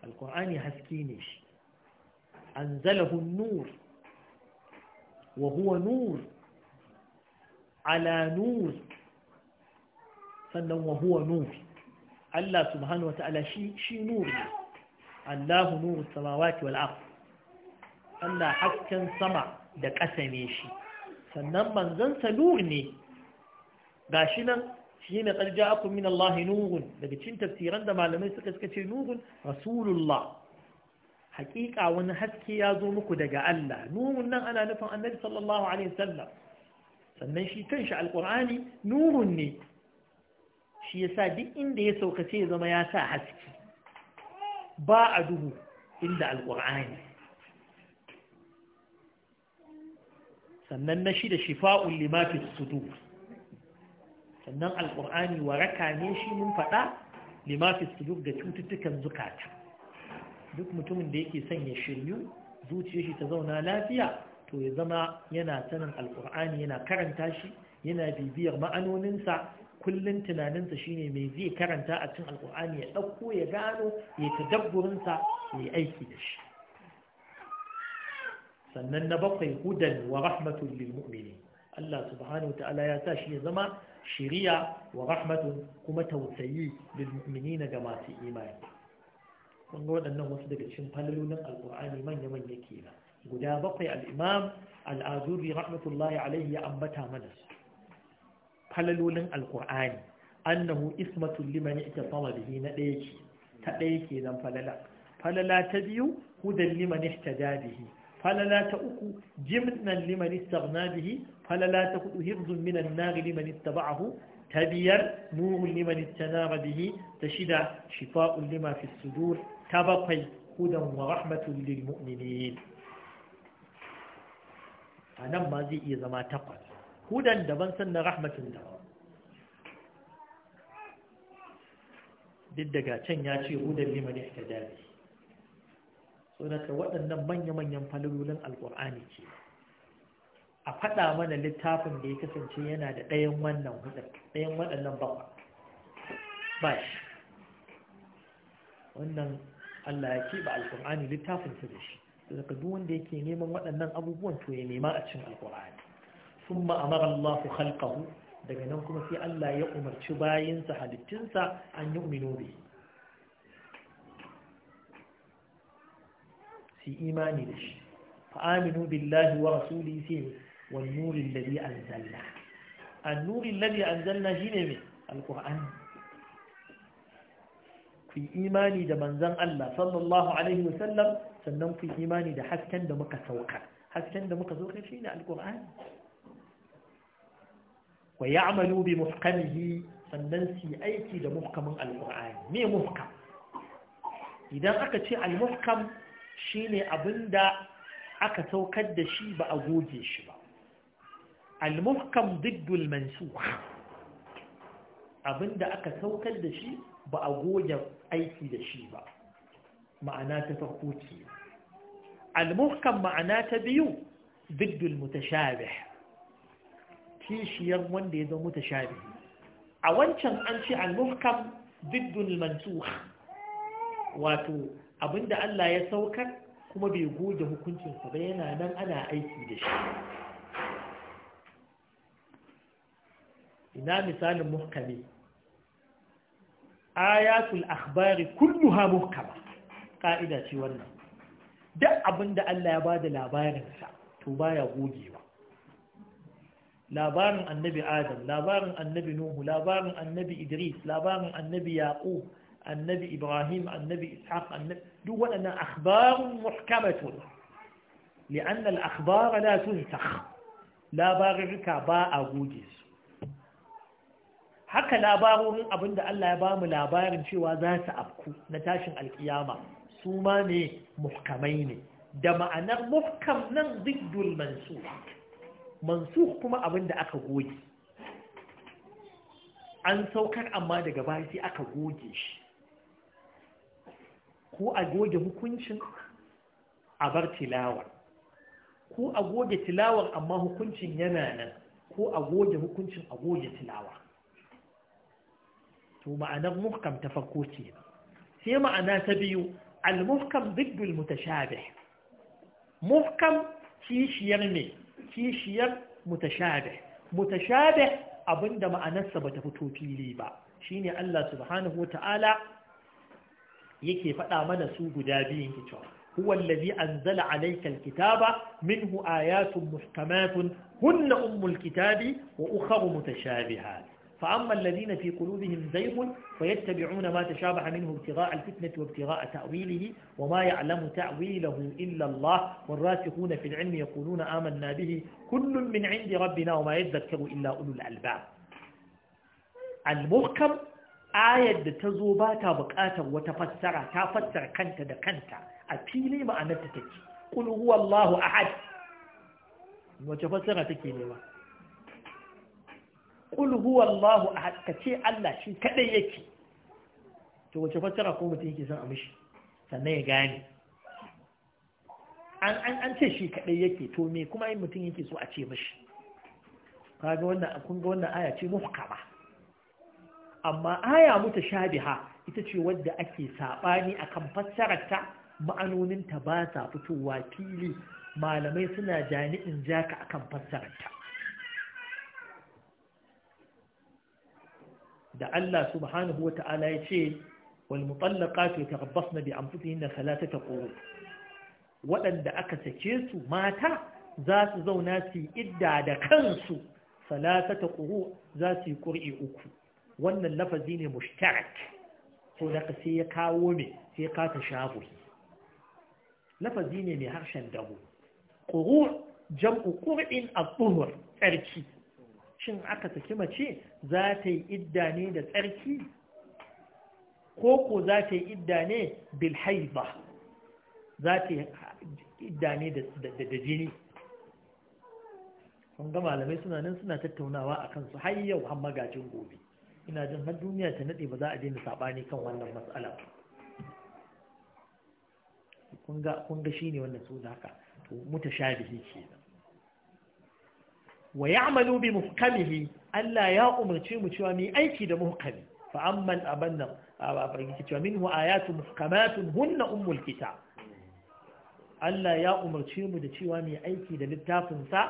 alkur'ani haske ne shi anzalahu nur wa huwa nur ala nur sannan wa huwa nur Allah subhanahu wa ta'ala shi shi nur ne nuru samawati wal ardh Allah hasken sama da ƙasa ne shi sannan manzansa nuri ne gashi nan shi ne ƙarja aku min Allah nurun daga cikin tafsiran da malamai suka suka ce nurun rasulullah haƙiƙa wani haske ya zo muku daga Allah nurun nan ana nufin annabi sallallahu alaihi wasallam sannan shi kanshi alƙur'ani nurun ne shi ya sa duk inda ya saukace ya zama ya sa haske ba a duhu inda alƙur'ani sannan na shi da shifa'un limafis sudur sannan alƙur'ani waraka ne shi mun faɗa limafis sudur da cututtukan zukata duk mutumin da yake son ya shiryu zuciyar shi ta zauna lafiya to ya zama yana sanin alkur'ani yana karanta shi yana bibiyar ma'anoninsa kullum tunaninsa shine mai zai karanta a cikin alkur'ani ya ɗauko ya gano ya dabburinsa ya yi aiki da shi sannan na bakwai hudan wa rahmatun lil Allah subhanahu wa ta'ala ya sa shi ya zama shiriya wa rahmatun kuma tausayi lil mu'minina ga masu imani kun ga waɗannan wasu daga cikin falalolin alkur'ani manya-manya kenan guda bakwai al'imam al'azuri rahmatullahi alaihi ya ambata mana falalolin alƙur'ani annahu ismatul liman ittasama bihi na ɗaya ce ta ɗaya ke nan falala falala ta biyu hudan liman ihtada bihi falala ta uku jimnan liman istaghna bihi falala ta hudu hirzun minan nar liman ittaba'ahu ta biyar nurun liman ittanara bihi ta shida shifa'un lima fi sudur ta bakwai hudan wa rahmatul lil mu'minin a nan ma zai iya zama takwas hudan daban sannan rahmatin daban duk daga can ya ce hudan liman ihtidali so daga waɗannan manya-manyan falalolin alƙur'ani ce a faɗa mana littafin da ya kasance yana da ɗayan wannan hudar ɗayan waɗannan bakwai ba shi wannan Allah ya keɓe littafin littafinsa da shi duk wanda yake neman waɗannan abubuwan to ya nema a cikin alkur'ani sun ma'amara Allah khalqahu daga nan kuma sai Allah ya umarci bayinsa halittinsa an yi umino bi su imani da shi fa'aminu billahi wa rasuli sai wani nurin da bi an zalla an nurin da bi an zalla shi ne mai alkur'ani ku imani da manzan Allah sallallahu alaihi wasallam sannan ku imani da hasken da muka sauka hasken da muka sauka shine alkur'ani wa ya'malu bi muhkamihi sannan su aiki da muhkamin alkur'ani me muhkam idan aka ce al shine abinda aka saukar da shi ba a goge shi ba al-muhkam diddul abin abinda aka saukar da shi ba a goge aiki da shi ba ma'ana ta farko ce al-muhkam ma'ana ta biyu diddul mutashabih kishiyar wanda ya zama mutashabih a wancan an ce al-muhkam diddul mansukh wato abinda Allah ya saukar kuma bai goge hukuncinsa ba yana nan ana aiki da shi ina misalin muhkami ayatul akhbari kulluha muhkama ƙa'ida ce wannan duk abin da Allah ya ba da labarinsa to baya gogewa labarin annabi adam labarin annabi nuhu labarin annabi idris labarin annabi yaqub annabi ibrahim annabi ishaq annabi duk waɗannan akhbarun muhkamatun li'anna al-akhbara la tuntakh labarurruka ba a goge su haka labarorin abinda Allah ya ba mu labarin cewa za su afku na tashin alkiyama su ma ne muhkamai ne da ma'anar muhkam nan ziddul mansu mansu kuma abin da aka goge an saukar amma daga baya sai aka goge shi ko a goge hukuncin a bar tilawar ko a goge tilawar amma hukuncin yana nan ko a goge hukuncin a goge tilawar to ma'anar muhkam ta farko ce sai ma'ana ta biyu al-muhkam ziddul mutashabih muhkam kishiyar ne kishiyar mutashabih mutashabih abinda ma'anarsa bata fito fili ba shine Allah subhanahu ta'ala yake faɗa mana su guda biyun kicin huwa allazi anzala alayka kitaba minhu ayatun muhkamatun hunna ummul kitabi wa ukhra mutashabihat فأما الذين في قلوبهم زيغ فيتبعون ما تشابه منه ابتغاء الفتنة وابتغاء تأويله وما يعلم تأويله إلا الله والراسخون في العلم يقولون آمنا به كل من عند ربنا وما يذكر إلا أولو الألباب المحكم آية تزوبات بقاتا وتفسر تفسر كنت دكنت أتيني ما أنت تكي قل هو الله أحد وتفسر تكيني ما qul huwallahu ahad kace Allah shi kadai yake to wace fatara ko mutum yake son a mishi sannan ya gane an an an ce shi kadai yake to me kuma in mutum yake so a ce mishi kaga wannan kun ga wannan aya ce muhkama amma aya mutashabiha ita ce wadda ake sabani akan fassararta ma'anoninta ba sa fitowa fili malamai suna jani'in jaka akan fassararta da Allah subhanahu wata'ala ya ce wal mutallaqatu yatarabbasna bi anfusihinna thalathata quru waɗanda aka sake su mata za su zauna su idda da kansu salasata quru za su yi uku wannan lafazi ne mushtarak to da sai ya kawo me sai ka ta shafu lafazi ne mai harshen dahu quru jam'u ƙuri'in a tuhur tsarki shin aka saki mace za ta yi idda ne da tsarki ko ko za ta yi idda ne bil za ta yi idda ne da jini kun ga malamai suna nan suna tattaunawa a kansu har yau har magajin gobe ina jin har duniya ta nade ba za a daina saɓani kan wannan matsala kun ga kun ga shine wannan su da haka to mutashabihi kenan wa ya'malu bi muhkamihi Allah ya umarci mu cewa mu aiki da muhkami fa amman abanna cewa minhu ayatu muhkamatun hunna ummul kitab Allah ya umarci mu da cewa mu aiki da littafin sa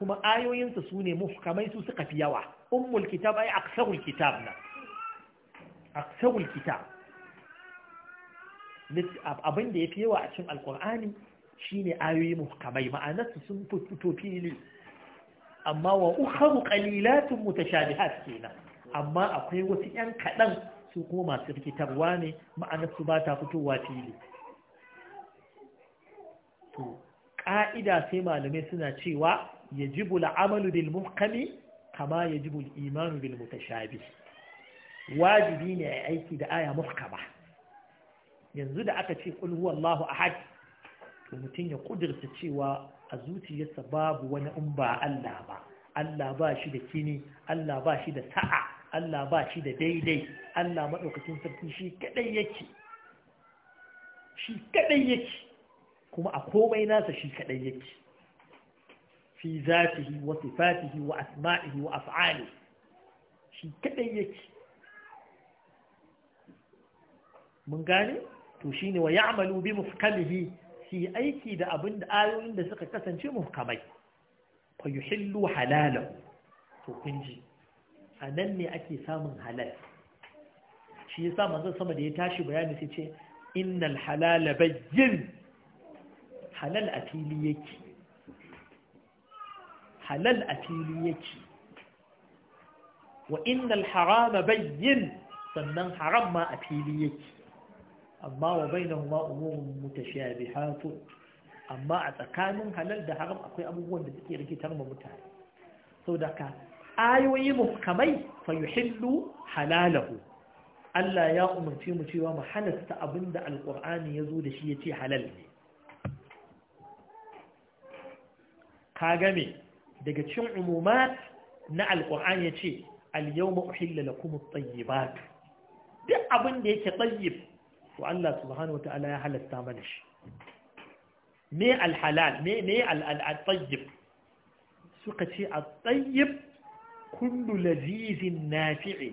kuma ayoyinsa su ne muhkamai su suka fi yawa ummul kitab ay aksarul kitab na aksarul kitab abin da ya fi yawa a cikin alkur'ani shine ayoyi muhkamai ma'anarsu sun fito fili amma wa ukharu qalilatun mutashabihat kenan amma akwai wasu yan kaɗan, su kuma masu rikitarwa ne ma'anar su ba ta fitowa fili to ka'ida sai malamai suna cewa yajibu al'amalu bil muhkami kama yajibu al'imanu bil mutashabih wajibi ne a aiki da aya muhkama yanzu da aka ce qul huwallahu ahad to mutum ya kudirta cewa a zuciyarsa babu wani in ba Allah ba Allah ba shi da kini Allah ba shi da sa'a Allah ba shi da daidai Allah maɗaukacin sarki shi kaɗai yake shi kaɗai yake kuma a komai nasa shi kaɗai yake fi zatihi wa sifatihi wa asma'ihi wa af'ali shi kaɗai yake mun gane to shi ne wa ya'malu bi mufkamihi su yi aiki da abin da ayoyin da suka kasance muhkamai fa yuhillu halalahu to kun a nan ne ake samun halal shi yasa manzon sama da ya tashi bayani sai ce innal halala bayyin halal a fili yake halal a fili yake wa innal harama bayyin sannan haram ma a fili yake amma wa bainahuma umurun mutashabihatu amma a tsakanin halal da haram akwai abubuwan da suke rikitar ma mutane da ka ayoyi muhkamai fa yuhillu halalahu Allah ya umarci mu cewa mu halasta abinda ya zo da shi yace halal ne ka game daga cikin umumat na alqur'ani yace al-yawma uhilla kuma at-tayyibat duk abin da yake tayyib to Allah subhanahu wa ta'ala ya halasta mana shi me alhalal me me al-tayyib suka ce at-tayyib kullu lazizin nafi'i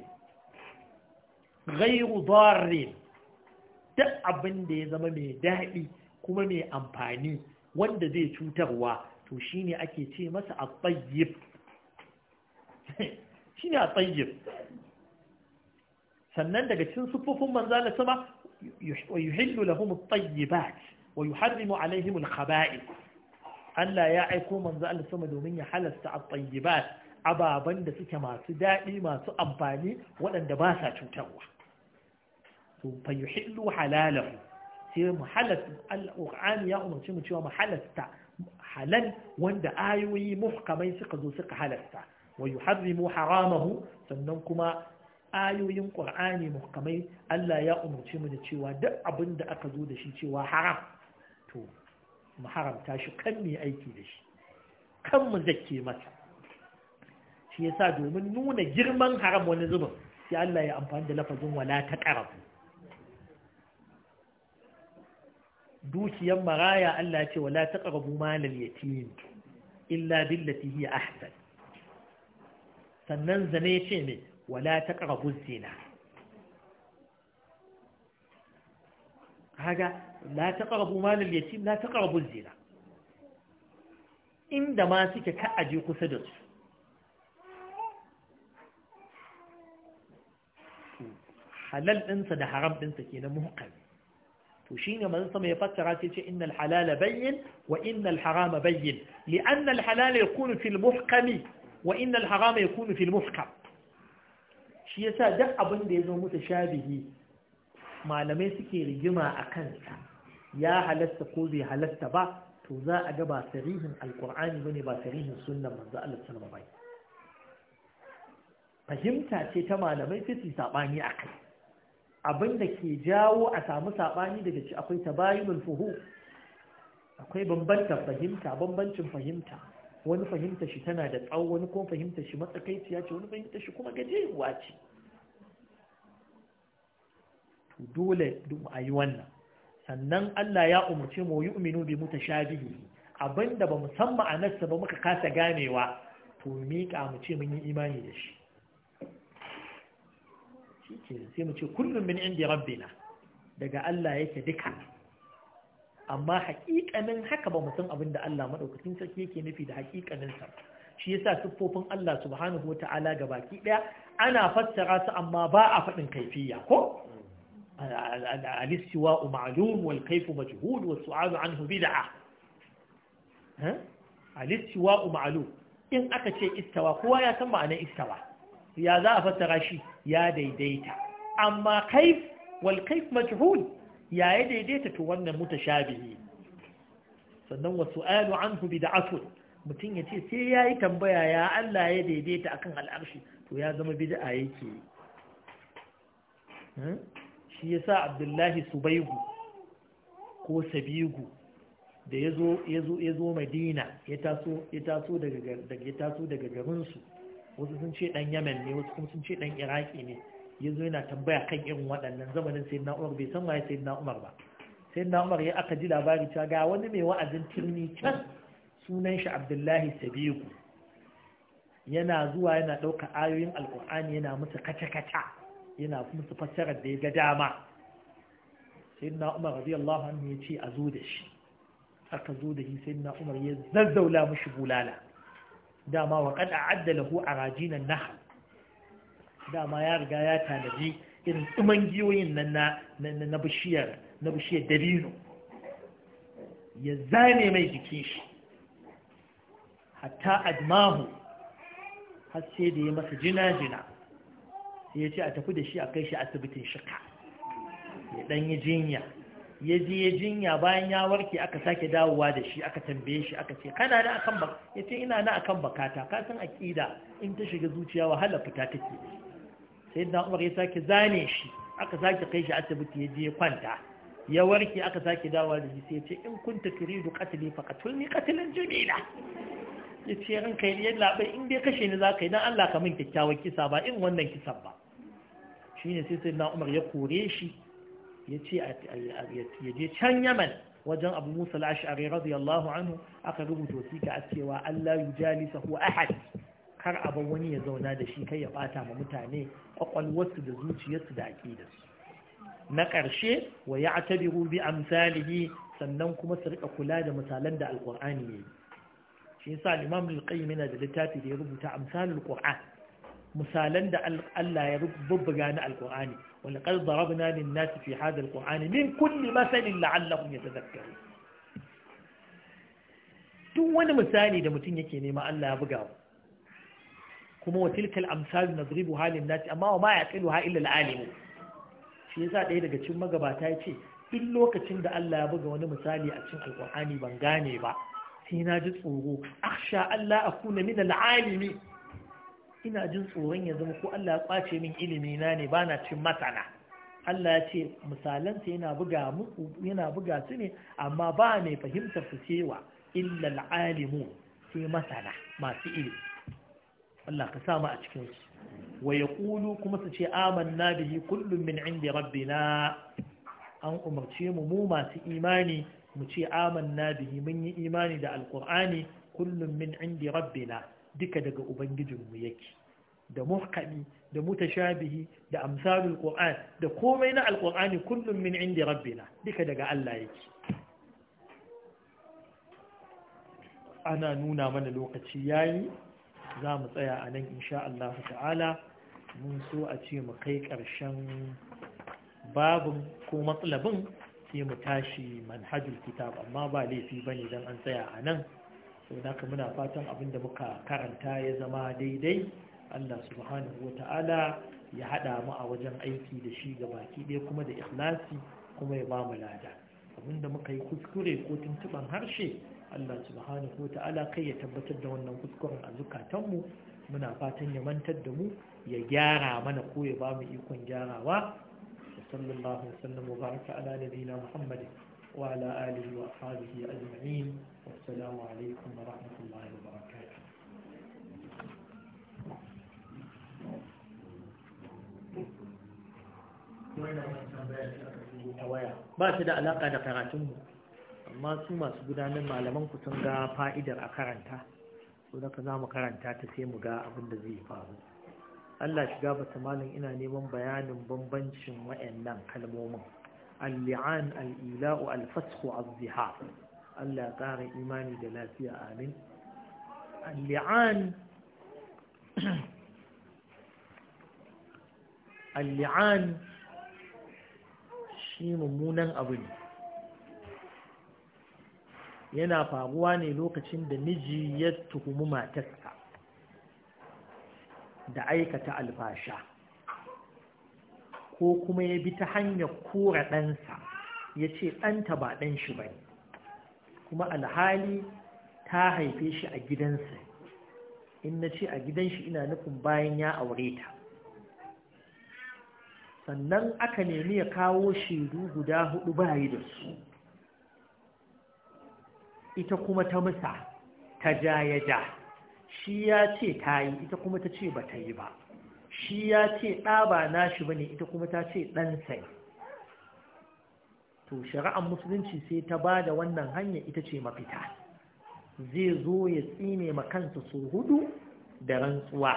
ghayru darrin duk abin da ya zama mai daɗi kuma mai amfani wanda zai cutarwa to shine ake ce masa at-tayyib shine at-tayyib sannan daga cikin sufufin manzo Allah sama ويحل لهم الطيبات ويحرم عليهم الخبائث أن لا يعيكوا من ذأل ثم دومين حلست الطيبات أبابا دسك ما سدائي ما سأباني ولن دباسة تتوى ثم حلاله سيما حلست الأقعان يا أمم سيما تيوى محلست حلال وند آيوي محكمي سقزو سق حلست ويحرم حرامه سننكما ayoyin ƙwar'ani muhkamai Allah ya umarci mu da cewa duk abin da aka zo da shi cewa haram to mu haramta shi kan mu aiki da shi kan mu masa shi yasa domin nuna girman haram wani zubin sai Allah ya amfani da lafazin wala ta ƙarafu dukiyar maraya Allah ce wala ta ƙarafu malal yatim illa billati hiya ahsan sannan zane ce ne ولا تقربوا الزنا هذا لا تقربوا مال اليتيم لا تقربوا الزنا عندما سكك أجيك سدس حلال انسى ده حرام انسى كينا مهقل وشينا ما انسى ما إن الحلال بين وإن الحرام بين لأن الحلال يكون في المحكم وإن الحرام يكون في المحكم shi yasa duk abin da ya zo musu shabihi malamai suke rigima a kansa ya halasta ko bai halasta ba to za a ga ba sarihin alkur'ani bane ba sarihin sunnan manzo Allah sallama bai fahimta ce ta malamai sai su sabani akai abin da ke jawo a samu sabani daga ci akwai tabayinul fuhu akwai bambanta fahimta bambancin fahimta wani fahimta shi tana da tsawo wani kuma fahimta shi matsakaiciya ce wani fahimta shi kuma gajeruwa ce dole a yi wannan sannan Allah ya umarci mu yu'minu bi mutashabihi abinda ba mu san ma'anarsa ba muka kasa ganewa to miƙa mu ce mun yi imani da shi shike sai mu ce kullum min indi rabbina daga Allah yake duka amma haƙiƙanin haka ba mu san abin da Allah madaukakin sarki yake nufi da haƙiƙanin sa shi yasa siffofin Allah subhanahu wata'ala ga baki daya ana fassara su amma ba a faɗin kaifiya ko الاستواء معلوم والكيف مجهول والسؤال عنه بدعة الاستواء معلوم إن أكتشي استوى هو يسمى أنا استوى يا ذا فتغشي يا ديديتا أما كيف والكيف مجهول يا ديديتا تولى متشابهين sannan wa su'alu anhu bid'atun mutum ya ce sai ya yi tambaya ya Allah ya daidaita akan al'arshi to ya zama bid'a yake shi ya sa abdullahi subaigu ko sabigu da ya zo madina ya taso daga garinsu wasu sun ce dan yamen ne wasu sun ce dan iraki ne ya zo yana tambaya kan irin waɗannan zamanin sai na umar bai san waye sai na umar ba sai na umar ya aka ji labari ta ga wani mai wa'azin turni can sunan shi abdullahi sabigu yana zuwa yana ɗauka ayoyin alƙur'ani yana musu kaca-kaca yana musu fassarar da ya ga dama sai na umar radiyallahu anhu ya ce a zo da shi aka zo da shi sai na umar ya zazzaula mashi bulala dama wa kada adda lahu a rajinan nahal dama ya riga ya tanaji irin tsuman giyoyin nan na bishiyar na bishiyar dabino ya zane mai jikin shi hatta admahu har sai da ya masa jina-jina ya ce a tafi da shi a kai shi asibitin shika ya ɗan yi jinya ya je ya jinya bayan ya warke aka sake dawowa da shi aka tambaye shi aka ce kana na akan baka ya ce ina na akan bakata ka san aƙida in ta shiga zuciya wahala fita take sai na umar ya sake zane shi aka sake kai shi asibiti ya je ya kwanta ya warke aka sake dawowa da shi sai ya ce in kunta turidu qatli fa qatulni qatlan jamila ya ce ranka ya labai in dai kashe ni zaka yi dan Allah ka min kyakkyawan kisa ba in wannan kisan ba shine sai sai na umar ya kore shi ya ce je can yaman wajen abu musa al'ashari radiyallahu anhu aka rubuta wasiƙa a cewa allah yujalisa hu ahad kar a bar wani ya zauna da shi kai ya bata ma mutane kwakwalwarsu da zuciyarsu da aƙidarsu na ƙarshe wa ya tabiru bi amsalihi sannan kuma su rika kula da misalan da alƙur'ani ne. shi yasa imam al-qayyim yana da littafi da ya rubuta amsalul qur'an misalan da Allah ya bubbuga na wani wal rabu na lin nas fi hada alqur'ani min kulli masalin la'allahum yatadhakkarun Tun wani misali da mutum yake nema Allah ya buga wa kuma wa tilkal amsal nadribu halin nas amma wa ma ha illa alalim shi yasa ɗaya daga cin magabata ya ce, duk lokacin da Allah ya buga wani misali a cin alqur'ani ban gane ba sai na ji tsoro akhsha Allah akuna min alalimi ina jin tsoron ya zama ko Allah ya kwace min ilimi na ne bana cin masana Allah ya ce misalansa yana buga mu yana buga su ne amma ba mai fahimtar su cewa illa al'alimu sai masana masu ilimi Allah ka samu a cikin su wa yaqulu kuma su ce amanna bihi kullun min indi rabbina an umarce mu mu masu imani mu ce amanna bihi mun yi imani da alqur'ani kullun min indi rabbina duka daga ubangijinmu yake da muhkami da mutashabihi da amsalul qur'an da komai na alƙur'ani kullum min indi rabbina duka daga Allah yake ana nuna mana lokaci yayi za mu tsaya a nan insha Allah ta'ala mun so a ce mu kai ƙarshen babin ko matsalabin sai mu tashi manhajul kitab amma ba laifi bane dan an tsaya a nan sau da muna fatan abin da muka karanta ya zama daidai Allah subhanahu wa ta'ala ya haɗa mu a wajen aiki da shi ga baki ɗaya kuma da ikhlasi kuma ya ba mu lada da muka yi kuskure ko tuntuban harshe Allah subhanahu wa ta'ala kai ya tabbatar da wannan kuskuren a zukatanmu muna fatan ya mantar da mu ya gyara mana ko ya ba mu ikon gyarawa sallallahu alaihi wa sallam wa baraka ala nabiyina muhammadin wa ala alihi wa ajma'in والسلام عليكم ورحمة الله وبركاته ba su da alaƙa da karatunmu amma su masu gudanar malaman ku sun ga fa'idar a karanta so daga za mu karanta ta sai mu ga abin da zai faru Allah shiga ta malin ina neman bayanin bambancin nan kalmomin al-li'an al-ila'u al az-zihar Allah ƙara imani da lafiya amin al-li'an shi mummunan abu ne yana faruwa ne lokacin da miji ya tuhumi matarsa da aikata alfasha ko kuma ya bi ta hanyar kura ɗansa ya ce ɗanta ba ɗan shi ba ne kuma alhali ta haife shi a gidansa in na ce a gidan shi ina nufin bayan ya aure ta sannan aka nemi ya kawo shaidu guda hudu bayi da su ita kuma ta musa ta ja ya ja shi ya ce ta yi ita kuma ta ce ba ta yi ba shi ya ce ɗa ba nashi ba ne ita kuma ta ce ɗansa ne to shari'ar musulunci sai ta ba da wannan hanya ita ce mafita zai zo ya tsine ma kansa su hudu da rantsuwa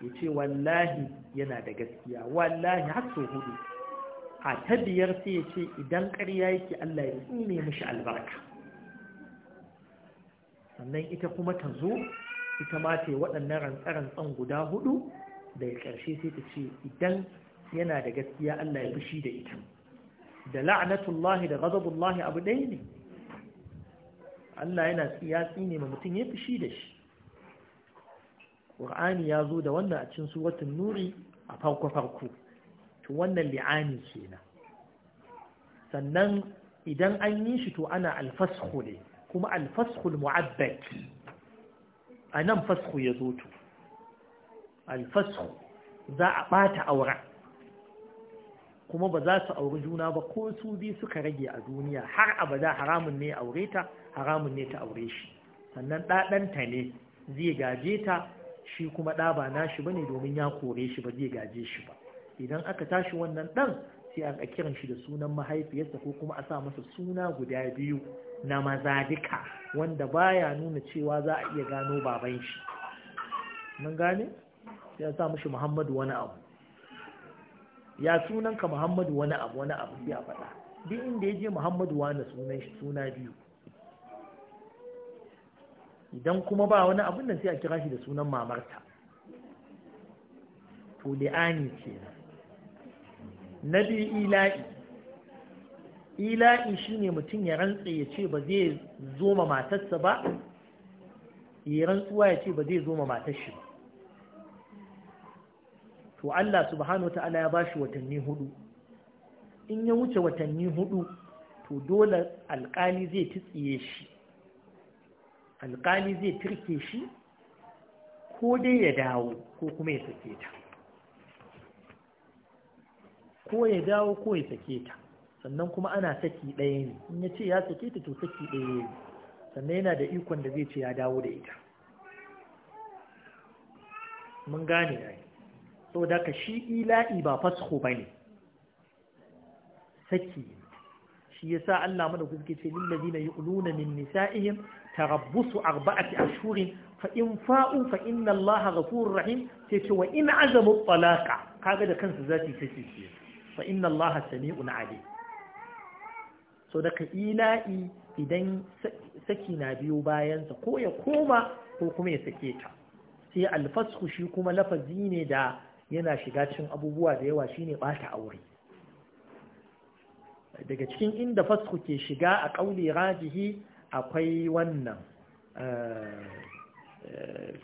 ya ce wallahi yana da gaskiya wallahi har su hudu a tabiyar sai ya ce idan karya yake Allah ya tsine mashi albarka sannan ita kuma ta zo ita ma ta yi waɗannan rantsarantsan guda hudu da ya ƙarshe sai ta ce idan yana da gaskiya Allah ya fushi da ita da la'anatullahi da ghadabullahi abu ɗaya ne Allah yana tsiyatsi ne ma mutum ya fushi da shi Qur'ani ya zo da wannan a cikin suratul nuri a farko farko to wannan li'ani kenan sannan idan an yi shi to ana alfashu ne kuma alfashul mu'abbad anan fashu ya zo to alfashu za a bata auren kuma ba za su auri juna ba ko su biyu suka rage a duniya har abada haramun ne aure ta haramun ne ta aure shi sannan ɗaɗanta ne zai gaje ta shi kuma ɗa ba nashi bane domin ya kore shi ba zai gaje shi ba idan aka tashi wannan ɗan sai a kiran shi da sunan mahaifiyarsa ko kuma a sa masa suna guda biyu na maza duka wanda baya nuna cewa za a iya gano baban shi mun gane sai a sa mishi Muhammadu wani abu ya sunanka muhammadu wani abu wani abu sai a faɗa duk inda ya je muhammadu wani sunan shi suna biyu idan kuma ba wani abun nan sai a kira shi da sunan mamarta to li'ani ce na biyu ila'i ila'i shine mutum ya rantse ya ce ba zai zo ma matarsa ba ya rantsuwa ya ce ba zai zo ma matarsa ba to Allah subhanahu ta'ala ya bashi watanni hudu in ya wuce watanni hudu to dole alkali zai titsiye shi alkali zai turke shi ko dai ya dawo ko kuma ya sake ta ko ya dawo ko ya sake ta sannan kuma ana saki ɗaya ne in ya ce ya sake ta to saki ɗaya ne sannan yana da ikon da zai ce ya dawo da ita mun gane yayi saboda ka shi ila'i ba fasho bane saki shi yasa Allah mana kuke ce lil ladina yu'luna min nisa'ihim tarabbusu arba'ati ashhurin fa in fa'u fa inna Allah ghafurur rahim sai ce wa in azamu talaqa kaga da kansu zati take ce fa inna Allah sami'un alim so ka ila'i idan saki na biyo bayansa ko ya koma ko kuma ya sake ta sai alfasku shi kuma lafazi ne da yana shiga cikin abubuwa da yawa shine bata aure daga cikin inda fasku ke shiga a kauli rajihi akwai wannan eh, eh,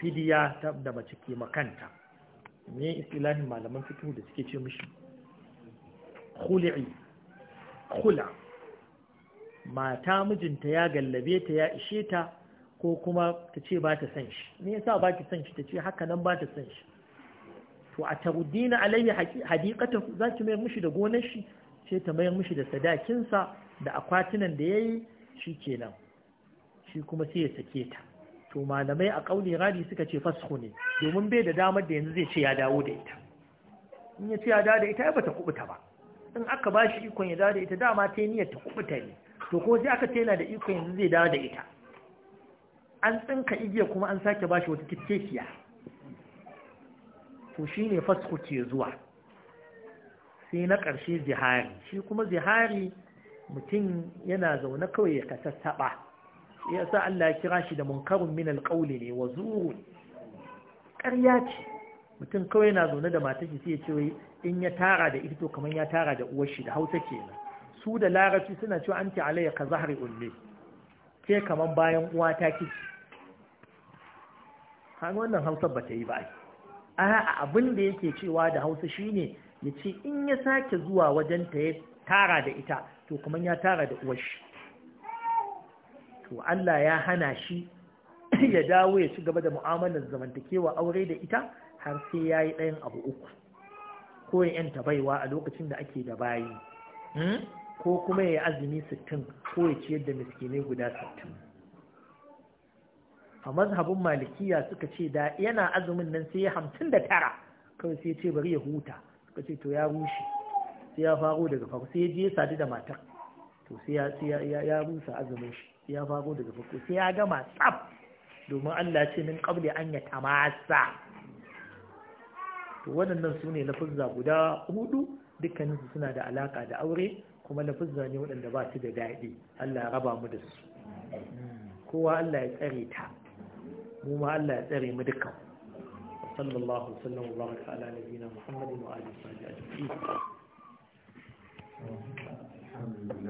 fidiya da mace ke makanta ne istilahin malaman fikihu da suke ce mishi khul'i khula mata mijinta ya gallabe ta ya ishe ta ko kuma ta ce ba ta san shi me yasa ba ki san shi ta ce haka nan ba ta san shi to a tarudina alayya hadikata za ki mayar mishi da gonar shi ce ta mayar mishi da sadakinsa da akwatinan da yayi yi shi kenan shi kuma sai ya sake ta to malamai a kauli radi suka ce fasko ne domin bai da damar da yanzu zai ce ya dawo da ita in ya ce ya dawo da ita ya bata kubuta ba in aka ba shi ikon ya dawo da ita dama ta niyyar ta kubuta ne to ko sai aka ce yana da ikon yanzu zai dawo da ita an tsinka igiya kuma an sake bashi wata kitkekiya to shine fasku ke zuwa sai na ƙarshe zihari shi kuma zihari mutum yana zaune kawai ya Sai ya sa Allah ya kira shi da munkarun min alqawli ne wa zurun ƙarya ce mutum kawai yana zaune da matar shi sai ya ce in ya tara da ito kamar ya tara da uwar shi da Hausa kenan su da larabci suna cewa anti alayya ka zahari ulle ke kamar bayan uwata kiki har wannan hausa ba ta yi ba a abin da yake cewa da hausa shine ya ce in ya sake zuwa wajen ta ya tara da ita to kaman ya tara da uwa shi to Allah ya hana shi ya dawo ya ci gaba da mu'amalar zamantakewa aure da ita har sai ya yi ɗayan abu uku ko ya yanta baiwa a lokacin da ake da bayi hmm? ko kuma ya azumi sittin ko ya ciyar da miskinai guda sittin a mazhabin malikiya suka ce da yana azumin nan sai ya hamsin da tara kawai sai ce bari ya huta suka ce to ya rushe sai ya faro daga farko sai ya je sadu da matar to sai ya rusa azumin shi sai ya faro daga farko sai ya gama tsaf domin Allah ce min qabli an ya tamasa to waɗannan su ne lafuzza guda hudu dukkaninsu suna da alaka da aure kuma lafizza ne waɗanda ba su da daɗi Allah ya raba mu da su kowa Allah ya tsare ta mu ma Allah ya tsare mu dukkan sallallahu sallam wa baraka ala nabiyina muhammadin wa alihi wa sahbihi ajma'in